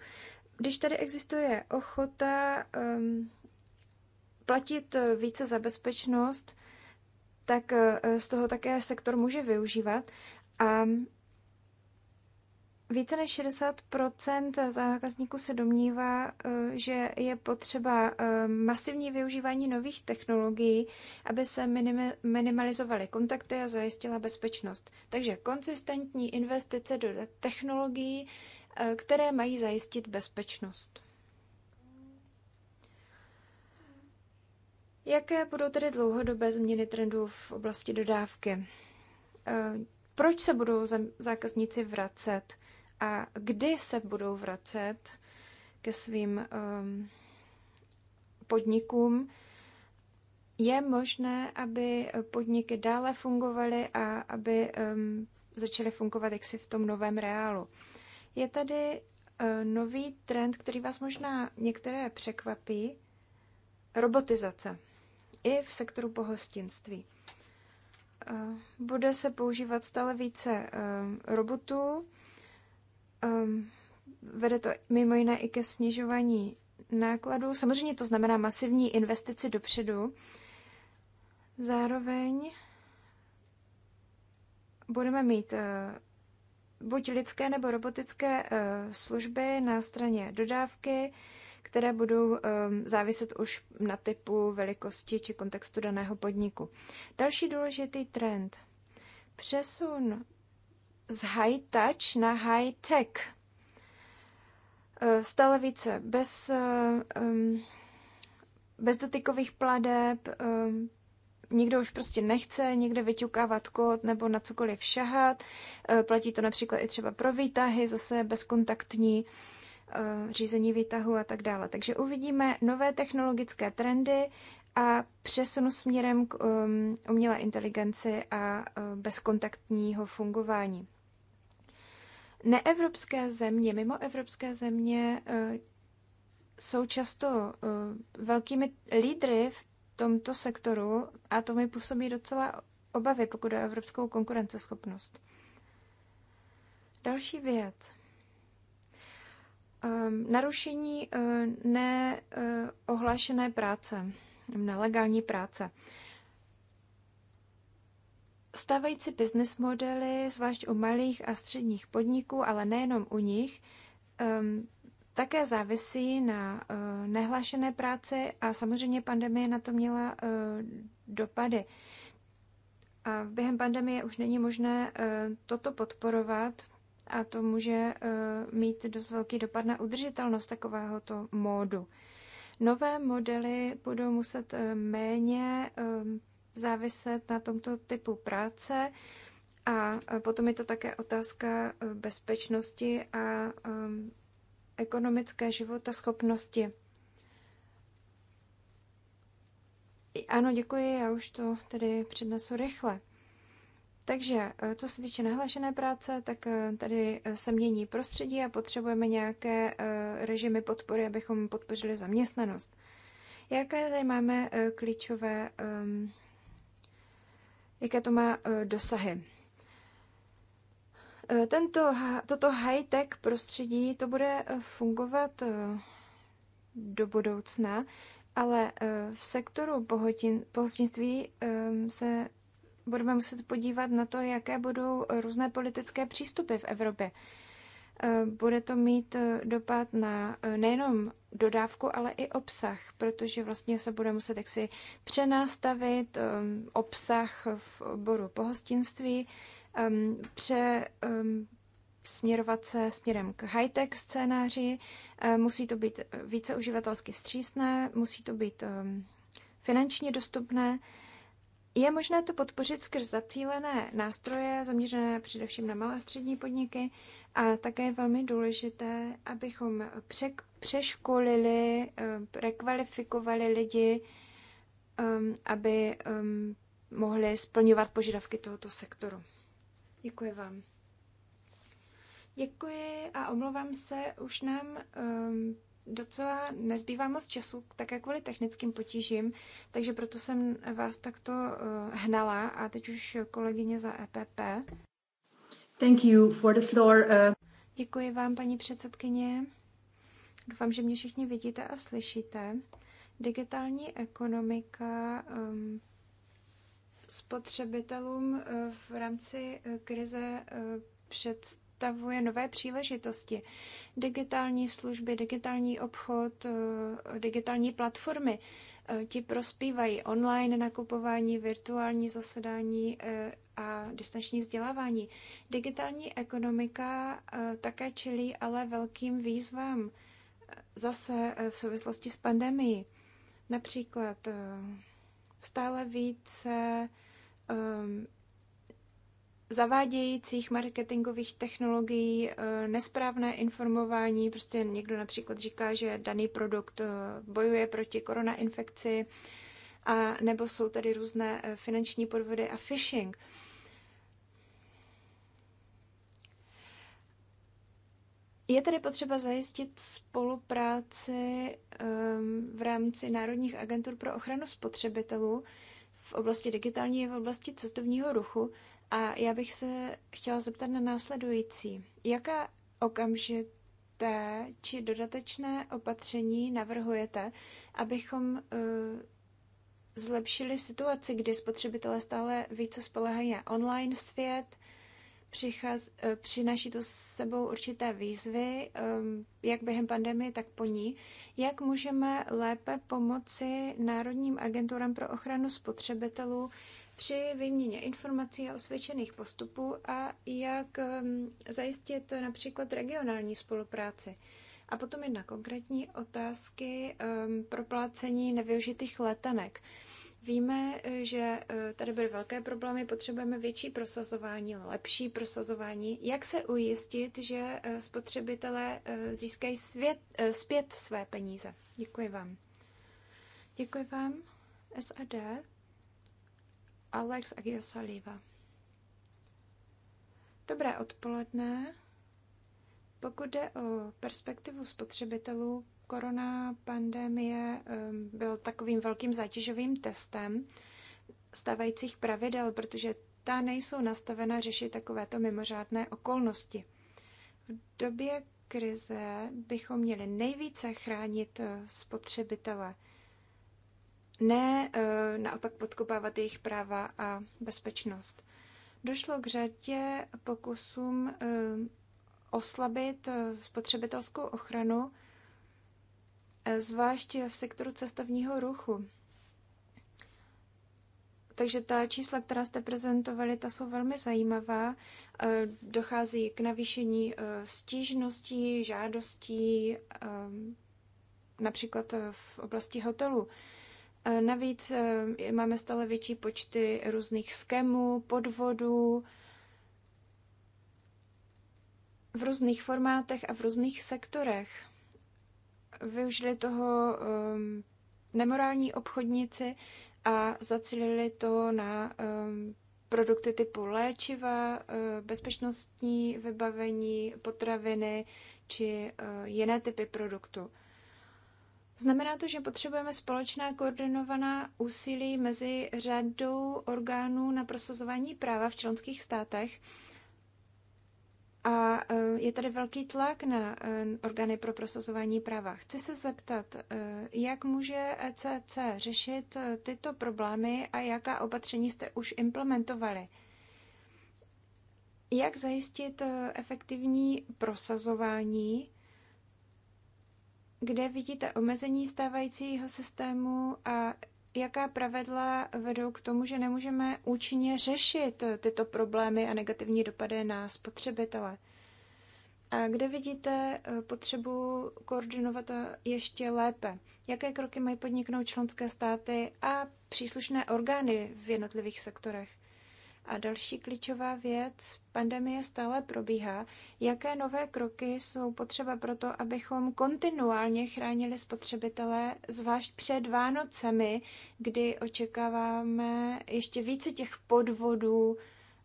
když tady existuje ochota um, platit eh, více za bezpečnost, tak eh, z toho také sektor může využívat. A více než 60 zákazníků se domnívá, eh, že je potřeba eh, masivní využívání nových technologií, aby se minimalizovaly kontakty a zajistila bezpečnost. Takže konsistentní investice do technologií, eh, které mají zajistit bezpečnost. Jaké budou tedy dlouhodobé změny trendů v oblasti dodávky? Proč se budou zákazníci vracet? a kdy se budou vracet ke svým um, podnikům. Je možné, aby podniky dále fungovaly a aby um, začaly fungovat jaksi v tom novém reálu. Je tady uh, nový trend, který vás možná některé překvapí, robotizace i v sektoru pohostinství. Uh, bude se používat stále více um, robotů, Um, vede to mimo jiné i ke snižování nákladů. Samozřejmě to znamená masivní investici dopředu. Zároveň budeme mít eh, buď lidské nebo robotické eh, služby na straně dodávky, které budou ehm, záviset už na typu, velikosti či kontextu daného podniku. Další důležitý trend. Přesun z high touch na high tech. Eh, stále více bez, eh, bez dotykových pladeb, nikdo už prostě nechce někde vyťukávat kód nebo na cokoliv šahat. Eh, platí to například i třeba pro výtahy, zase bezkontaktní řízení výtahu a tak dále. Takže uvidíme nové technologické trendy a přesunu směrem k umělé inteligenci a bezkontaktního fungování. Neevropské země, mimo evropské země eh, jsou často eh, velkými lídry v tomto sektoru a to mi působí docela obavy, pokud je o evropskou konkurenceschopnost. Další věc. Eh, narušení neohlášené práce, nelegální práce. Stávající business modely, zvlášť u malých a středních podniků, ale nejenom u nich, um, také závisí na uh, nehlášené práci a samozřejmě pandemie na to měla uh, dopady. A během pandemie už není možné uh, toto podporovat a to může uh, mít dost velký dopad na udržitelnost takovéhoto módu. Nové modely budou muset méně záviset na tomto typu práce. A e, potom je to také otázka e, bezpečnosti a e, ekonomické života schopnosti. Ano, děkuji, já už to tedy přednesu rychle. Takže, co se týče nahlášené práce, tak tady se mění prostředí a potřebujeme nějaké režimy podpory, abychom podpořili zaměstnanost. Jaké tady máme klíčové jaké to má e, dosahy. E, tento, toto high-tech prostředí to bude e, fungovat do budoucna, ale v sektoru pohotin, pohostinství se budeme muset podívat na to, jaké budou různé politické přístupy v Evropě. Eh, bude to mít eh, dopad na eh, nejenom dodávku, ale i obsah, protože vlastně se bude muset jaksi přenástavit ehm, obsah v oboru pohostinství, ehm, pře, ehm, směrovat se směrem k high-tech scénáři, musí to být více uživatelsky vstřísné, musí to být finančně dostupné je možné to podpořit skrz zacílené nástroje zaměřené především na malé střední podniky a také je velmi důležité, abychom přek- přeškolili, eh, rekvalifikovali lidi, ehm, aby ehm, mohli splňovat požadavky tohoto sektoru. Děkuji vám. Děkuji a omlouvám se, už nám um, docela nezbývá moc času, také kvůli technickým potížím, takže proto jsem vás takto eh, hnala a teď už kolegyně za EPP. Thank you for the floor. Uh... Děkuji vám, paní předsedkyně. Doufám, že mě všichni vidíte a slyšíte. Digitální ekonomika um, spotřebitelům eh, v rámci krize před představuje nové příležitosti. Digitální služby, digitální obchod, eh, digitální platformy, eh, ti prospívají online nakupování, virtuální zasedání eh, a distanční vzdělávání. Digitální ekonomika také čelí ale velkým výzvám zase v souvislosti s pandemií. Například stále více zavádějících marketingových technologií, eh, nesprávné informování, prostě někdo například říká, že daný produkt eh, bojuje proti koronainfekci, a nebo jsou tady různé eh, finanční podvody a phishing. Je tedy potřeba zajistit spolupráci ehm, v rámci Národních agentur pro ochranu spotřebitelů v oblasti digitální a v oblasti cestovního ruchu, a já bych se chtěla zeptat na následující. Jaká okamžité či dodatečné opatření navrhujete, abychom uh, zlepšili situaci, kdy spotřebitelé stále více spolehají na online svět, přichaz, uh, přináší to s sebou určité výzvy, um, jak během pandemie, tak po ní. Jak můžeme lépe pomoci Národním agenturám pro ochranu spotřebitelů při výměně informací a osvědčených postupů a jak um, zajistit například regionální spolupráci. A potom jedna konkrétní otázky um, proplácení nevyužitých letenek. Víme, že uh, tady byly velké problémy, potřebujeme větší prosazování, lepší prosazování. Jak se ujistit, že uh, spotřebitelé uh, získají svět, zpět své peníze? Děkuji vám. Děkuji vám, SAD. Alex Agiosaliva. Dobré odpoledne. Pokud jde o perspektivu spotřebitelů, korona pandemie byl takovým velkým zátěžovým testem stávajících pravidel, protože ta nejsou nastavena řešit takovéto mimořádné okolnosti. V době krize bychom měli nejvíce chránit eh, spotřebitele – ne eh, naopak podkopávat jejich práva a bezpečnost. Došlo k řadě pokusům eh, oslabit eh, spotřebitelskou ochranu, zvláště v sektoru cestovního ruchu. Takže ta čísla, která jste prezentovali, ta jsou velmi zajímavá. Dochází k navýšení stížností, žádostí, například v oblasti hotelů. E, navíc e, máme stále větší počty různých skemů, podvodů v různých formátech a v různých sektorech. Využili toho nemorální obchodníci a zacílili to na produkty typu léčiva, e, bezpečnostní vybavení, potraviny či jiné typy produktů. Znamená to, že potřebujeme společná koordinovaná úsilí mezi řadou orgánů na prosazování práva v členských státech. A eh, je tady velký tlak na eh, orgány pro prosazování práva. Chci se zeptat, eh, jak může ECC řešit tyto problémy a jaká opatření jste už implementovali? Jak zajistit efektivní prosazování kde vidíte omezení stávajícího systému a jaká pravidla vedou k tomu, že nemůžeme účinně řešit tyto problémy a negativní dopady na spotřebitele. A kde vidíte eh, potřebu koordinovat eh, ještě lépe? Jaké kroky mají podniknout členské státy a příslušné orgány v jednotlivých sektorech? A další klíčová věc, pandemie stále probíhá. Jaké nové kroky jsou potřeba pro to, abychom kontinuálně chránili spotřebitele, zvlášť před Vánocemi, kdy očekáváme ještě více těch podvodů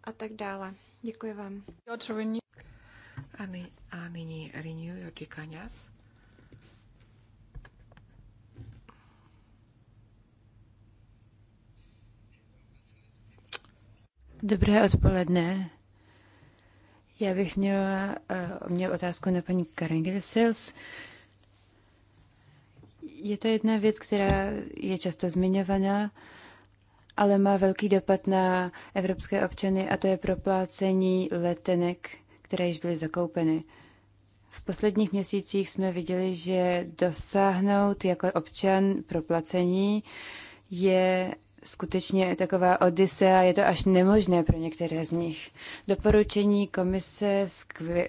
a tak dále. Děkuji vám. A, ny- a nyní Renew Jordi Kaňas. Dobré odpoledne. Já bych měla, eh, měl otázku na paní Karen Sils. Je to jedna věc, která je často zmiňovaná, ale má velký dopad na evropské občany a to je proplácení letenek, které již byly zakoupeny. V posledních měsících jsme viděli, že dosáhnout jako občan proplacení je skutečně taková odisea, je to až nemožné pro některé z nich. Doporučení komise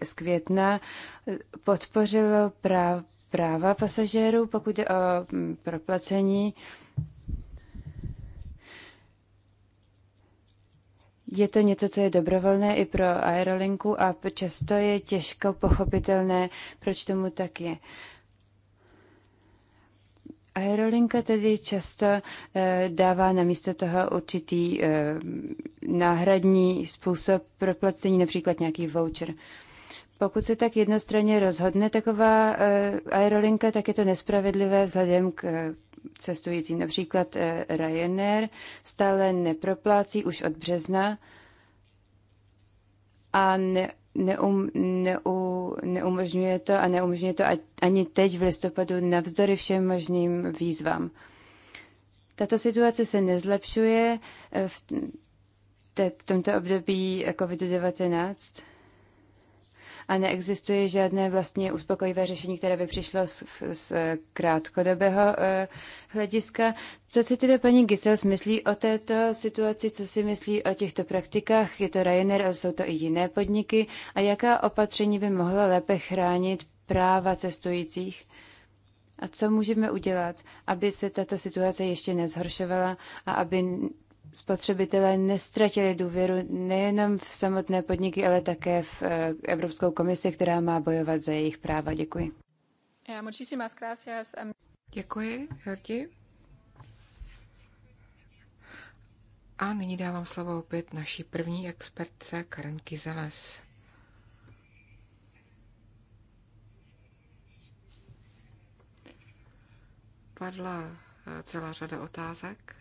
z května eh, podpořilo práv, práva pasažérů, pokud je o mm, proplacení. Je to něco, co je dobrovolné i pro aerolinku a často je těžko pochopitelné, proč tomu tak je. Aerolinka tedy často eh, dává na místo toho určitý eh, náhradní způsob proplacení, například nějaký voucher. Pokud se tak jednostranně rozhodne taková eh, aerolinka, tak je to nespravedlivé vzhledem k cestujícím. Například Ryanair stále neproplácí už od března a ne, neum, neu, neumožňuje to a neumožňuje to ani teď v listopadu navzdory všem možným výzvám. Tato situace se nezlepšuje eh, v, te, v tomto období COVID-19 a neexistuje žádné vlastně uspokojivé řešení, které by přišlo z, z krátkodobého uh, hlediska. Co si tedy paní Gisels myslí o této situaci, co si myslí o těchto praktikách? Je to Ryanair, ale jsou to i jiné podniky. A jaká opatření by mohla lépe chránit práva cestujících? A co můžeme udělat, aby se tato situace ještě nezhoršovala a aby spotřebitelé nestratili důvěru nejenom v samotné podniky, ale také v eh, Evropskou komisi, která má bojovat za jejich práva. Děkuji. Děkuji, Jordi. A nyní dávám slovo opět naší první expertce Karen Kizeles. Padla eh, celá řada otázek.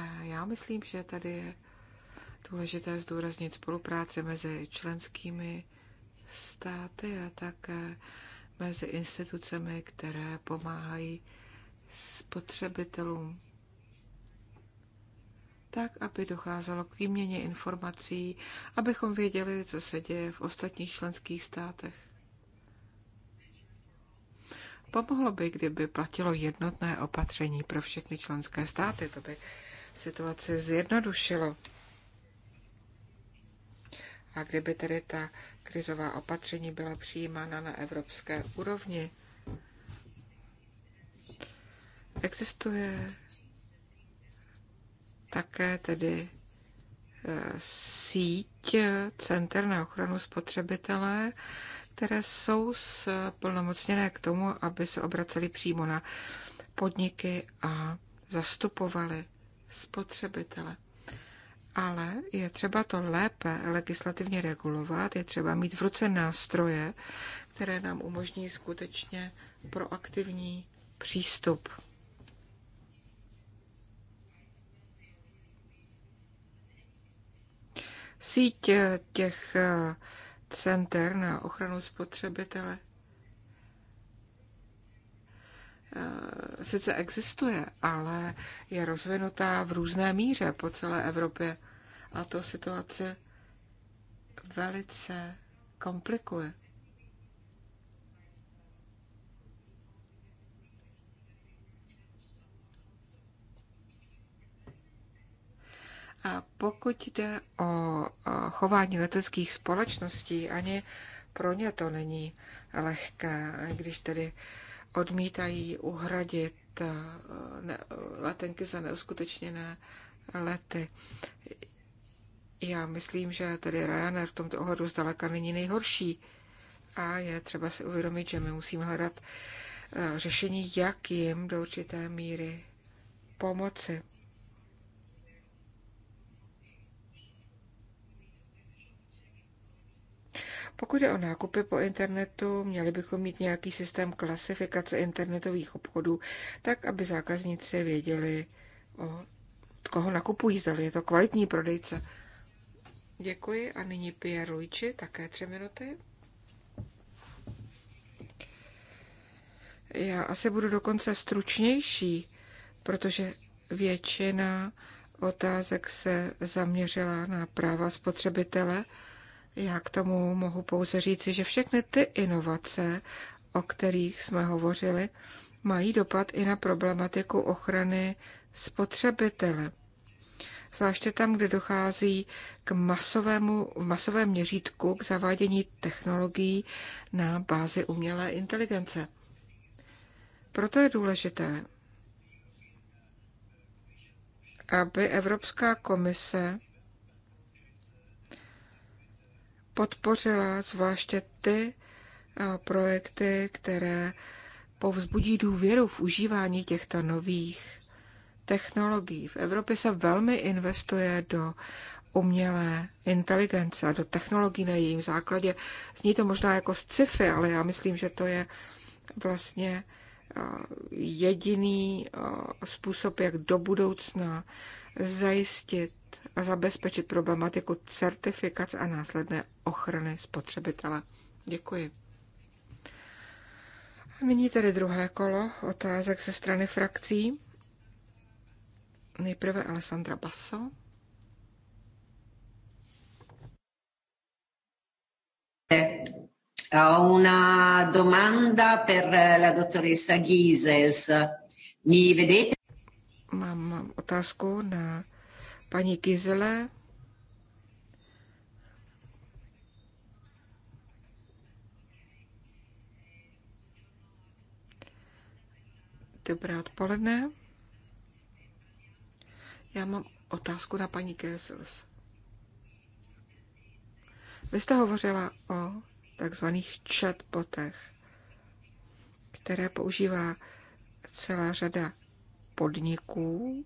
A já myslím, že tady je důležité zdůraznit spolupráci mezi členskými státy a také mezi institucemi, které pomáhají spotřebitelům tak, aby docházelo k výměně informací, abychom věděli, co se děje v ostatních členských státech. Pomohlo by, kdyby platilo jednotné opatření pro všechny členské státy, to by situaci zjednodušilo. A kdyby tedy ta krizová opatření byla přijímána na evropské úrovni, existuje také tedy e, síť center na ochranu spotřebitele, které jsou splnomocněné k tomu, aby se obraceli přímo na podniky a zastupovali spotřebitele. Ale je třeba to lépe legislativně regulovat, je třeba mít v ruce nástroje, které nám umožní skutečně proaktivní přístup. Síť eh, těch eh, center na ochranu spotřebitele Eh, sice existuje, ale je rozvinutá v různé míře po celé Evropě a to situace velice komplikuje. A pokud jde o eh, chování leteckých společností, ani pro ně to není lehké, když tedy uh, odmítají uhradit eh, letenky za neuskutečněné lety. Já myslím, že tedy Ryanair v tomto ohledu zdaleka není nejhorší a je třeba si uvědomit, že my musíme hledat eh, řešení, jak jim do určité míry pomoci. Pokud je o nákupy po internetu, měli bychom mít nějaký systém klasifikace internetových obchodů, tak aby zákazníci věděli, o koho nakupují, zda je to kvalitní prodejce. Děkuji a nyní Pierre Luigi, také tři minuty. Já asi budu dokonce stručnější, protože většina otázek se zaměřila na práva spotřebitele já k tomu mohu pouze říci, že všechny ty inovace, o kterých jsme hovořili, mají dopad i na problematiku ochrany spotřebitele. Zvláště tam, kde dochází k masovému, v masovém měřítku k zavádění technologií na bázi umělé inteligence. Proto je důležité, aby Evropská komise podpořila zvláště ty eh, projekty, které povzbudí důvěru v užívání těchto nových technologií. V Evropě se velmi investuje do umělé inteligence a do technologií na jejím základě. Zní to možná jako sci-fi, ale já myslím, že to je vlastně eh, jediný eh, způsob, jak do budoucna zajistit a zabezpečit problematiku certifikace a následné ochrany spotřebitele. Děkuji. nyní tedy druhé kolo otázek ze strany frakcí. Nejprve Alessandra Basso. Ho una domanda per la dottoressa Gises. Mi vedete? Mám otázku na paní Kizele. Dobré odpoledne. Já mám otázku na paní Kessels. Vy jste hovořila o takzvaných chatbotech, které používá celá řada podniků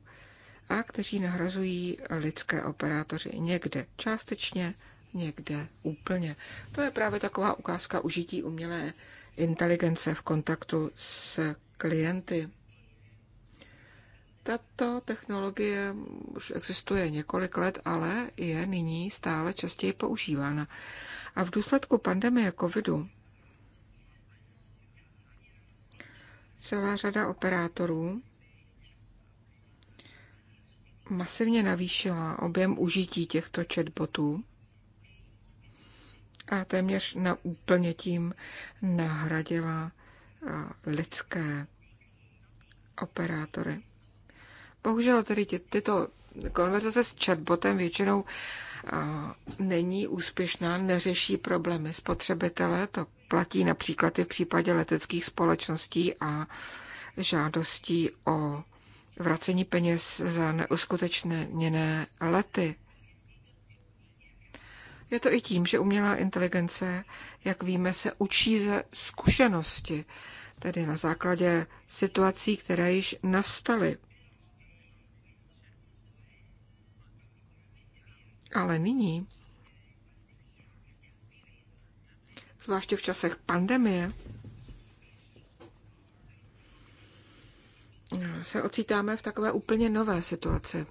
a kteří nahrazují lidské operátoři někde částečně, někde úplně. To je právě taková ukázka užití umělé inteligence v kontaktu s klienty. Tato technologie už existuje několik let, ale je nyní stále častěji používána. A v důsledku pandemie covidu celá řada operátorů masivně navýšila objem užití těchto chatbotů a téměř na úplně tím nahradila lidské operátory. Bohužel tedy tě, tyto konverzace s chatbotem většinou a, není úspěšná, neřeší problémy spotřebitele. To platí například i v případě leteckých společností a žádostí o vracení peněz za neuskutečněné lety. Je to i tím, že umělá inteligence, jak víme, se učí ze zkušenosti, tedy na základě situací, které již nastaly. Ale nyní, zvláště v časech pandemie, se ocitáme v takové úplně nové situaci.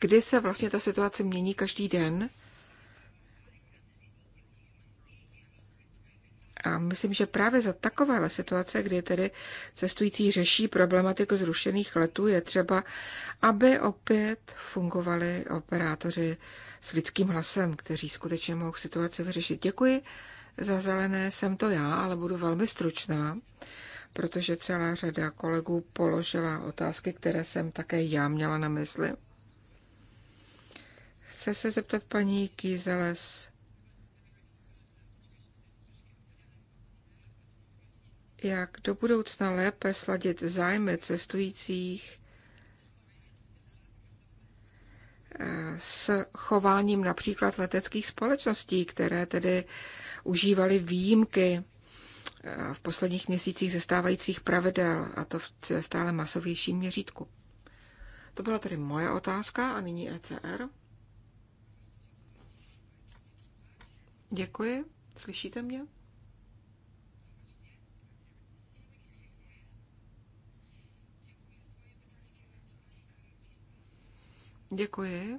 kdy se vlastně ta situace mění každý den A myslím, že právě za takovéhle situace, kdy tedy cestující řeší problematiku zrušených letů, je třeba, aby opět fungovali operátoři s lidským hlasem, kteří skutečně mohou situaci vyřešit. Děkuji. Za zelené jsem to já, ale budu velmi stručná, protože celá řada kolegů položila otázky, které jsem také já měla na mysli. Chce se zeptat paní Kýzeles jak do budoucna lépe sladit zájmy cestujících eh, s chováním například leteckých společností, které tedy užívaly výjimky eh, v posledních měsících ze stávajících pravidel, a to v stále masovějším měřítku. To byla tedy moje otázka a nyní ECR. Děkuji. Slyšíte mě? Děkuji.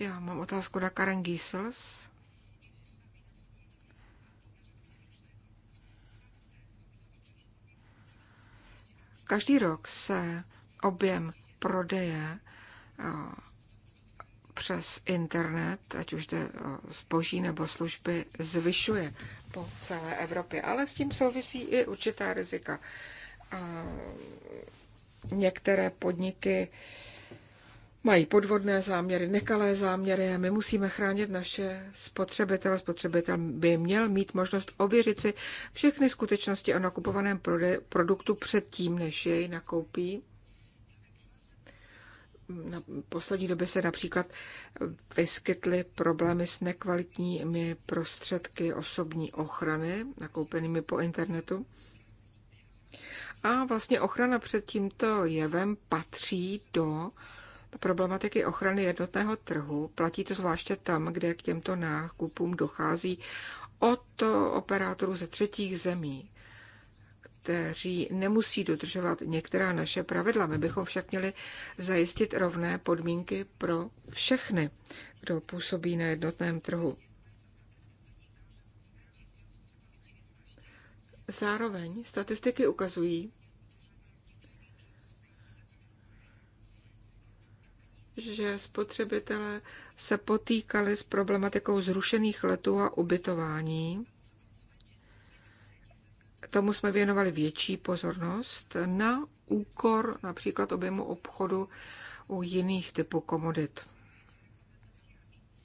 Já mám otázku na Karen Giesels. Každý rok se objem prodeje eh, přes internet, ať už jde o zboží nebo služby, zvyšuje po celé Evropě. Ale s tím souvisí i určitá rizika. Některé podniky mají podvodné záměry, nekalé záměry a my musíme chránit naše spotřebitele. Spotřebitel by měl mít možnost ověřit si všechny skutečnosti o nakupovaném produktu předtím, než jej nakoupí. Na poslední době se například vyskytly problémy s nekvalitními prostředky osobní ochrany, nakoupenými po internetu. A vlastně ochrana před tímto jevem patří do problematiky ochrany jednotného trhu. Platí to zvláště tam, kde k těmto nákupům dochází od operátorů ze třetích zemí, kteří nemusí dodržovat některá naše pravidla. My bychom však měli zajistit rovné podmínky pro všechny, kdo působí na jednotném trhu. Zároveň statistiky ukazují, že spotřebitelé se potýkali s problematikou zrušených letů a ubytování. Tomu jsme věnovali větší pozornost na úkor například objemu obchodu u jiných typů komodit.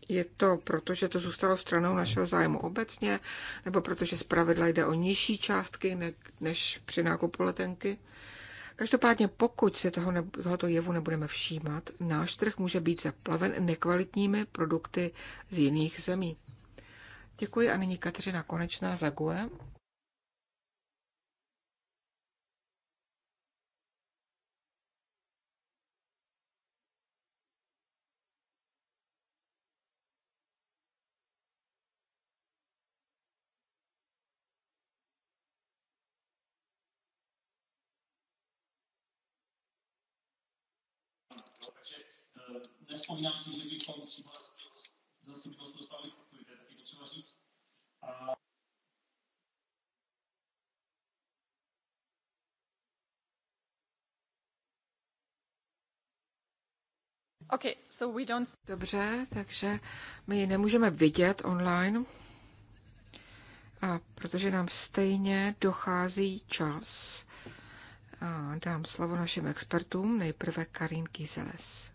Je to proto, že to zůstalo stranou našeho zájmu obecně, nebo protože zpravidla jde o nižší částky než při nákupu letenky? Každopádně, pokud se toho ne, tohoto jevu nebudeme všímat, náš trh může být zaplaven nekvalitními produkty z jiných zemí. Děkuji a nyní Kateřina Konečná za GUE. nespomínám si, že bychom přímo zase minulost dostali, to je taky potřeba říct. A Okay, so we don't... Dobře, takže my ji nemůžeme vidět online, a protože nám stejně dochází čas. A dám slovo našim expertům, nejprve Karin Kizeles.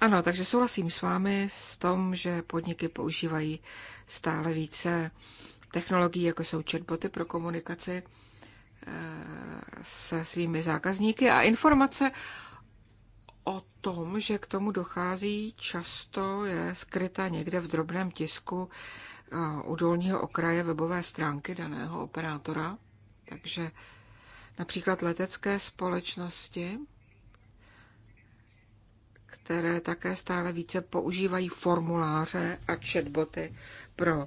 Ano, takže souhlasím s vámi s tom, že podniky používají stále více technologií, jako jsou chatboty pro komunikaci eh, se svými zákazníky a informace o tom, že k tomu dochází, často je skryta někde v drobném tisku eh, u dolního okraje webové stránky daného operátora. Takže například letecké společnosti které také stále více používají formuláře a chatboty pro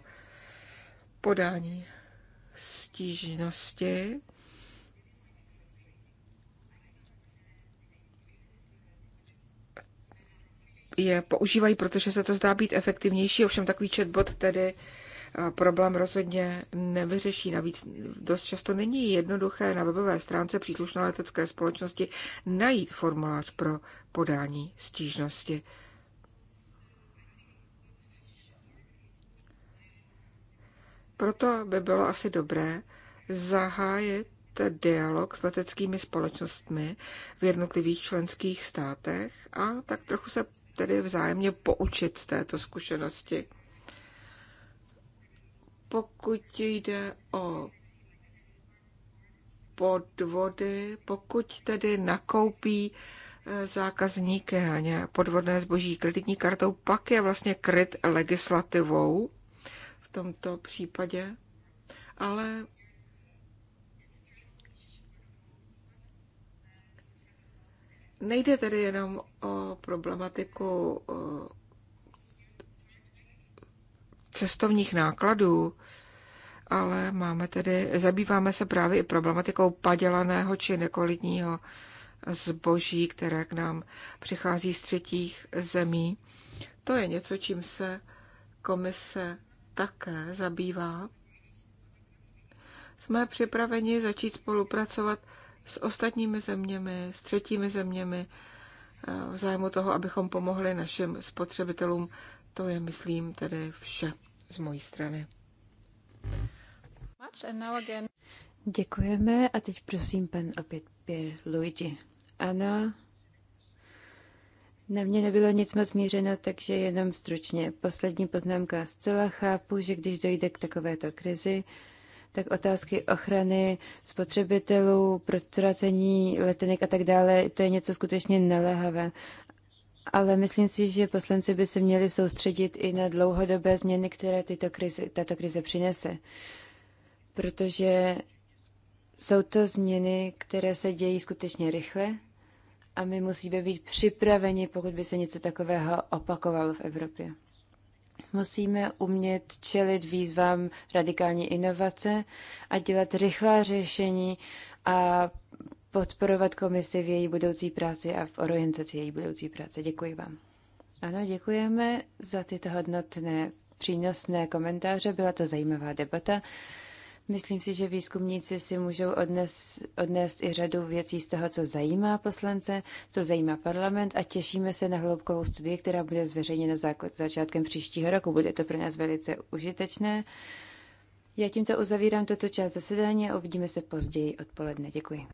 podání stížnosti. Je používají, protože se to zdá být efektivnější, ovšem takový chatbot tedy problém rozhodně nevyřeší. Navíc dost často není jednoduché na webové stránce příslušné letecké společnosti najít formulář pro podání stížnosti. Proto by bylo asi dobré zahájit dialog s leteckými společnostmi v jednotlivých členských státech a tak trochu se tedy vzájemně poučit z této zkušenosti. Pokud jde o podvody, pokud tedy nakoupí eh, zákazník eh, podvodné zboží kreditní kartou, pak je vlastně kryt legislativou v tomto případě. Ale nejde tedy jenom o problematiku eh, cestovních nákladů, ale máme tedy, zabýváme se právě i problematikou padělaného či nekvalitního zboží, které k nám přichází z třetích zemí. To je něco, čím se komise také zabývá. Jsme připraveni začít spolupracovat s ostatními zeměmi, s třetími zeměmi, eh, v zájmu toho, abychom pomohli našim spotřebitelům. To je, myslím, tedy vše z mojí strany. Děkujeme a teď prosím pan opět Pier Luigi. Ano, na mě nebylo nic moc mířeno, takže jenom stručně. Poslední poznámka. Zcela chápu, že když dojde k takovéto krizi, tak otázky ochrany spotřebitelů, protracení letenek a tak dále, to je něco skutečně nelehavé ale myslím si, že poslanci by se měli soustředit i na dlouhodobé změny, které tyto krize, tato krize přinese. Protože jsou to změny, které se dějí skutečně rychle a my musíme být připraveni, pokud by se něco takového opakovalo v Evropě. Musíme umět čelit výzvám radikální inovace a dělat rychlá řešení a podporovat komisi v její budoucí práci a v orientaci její budoucí práce. Děkuji vám. Ano, děkujeme za tyto hodnotné přínosné komentáře. Byla to zajímavá debata. Myslím si, že výzkumníci si můžou odnes, odnést i řadu věcí z toho, co zajímá poslance, co zajímá parlament a těšíme se na hloubkovou studii, která bude zveřejněna začátkem příštího roku. Bude to pro nás velice užitečné. Já tímto uzavírám toto část zasedání a uvidíme se později odpoledne. Děkuji.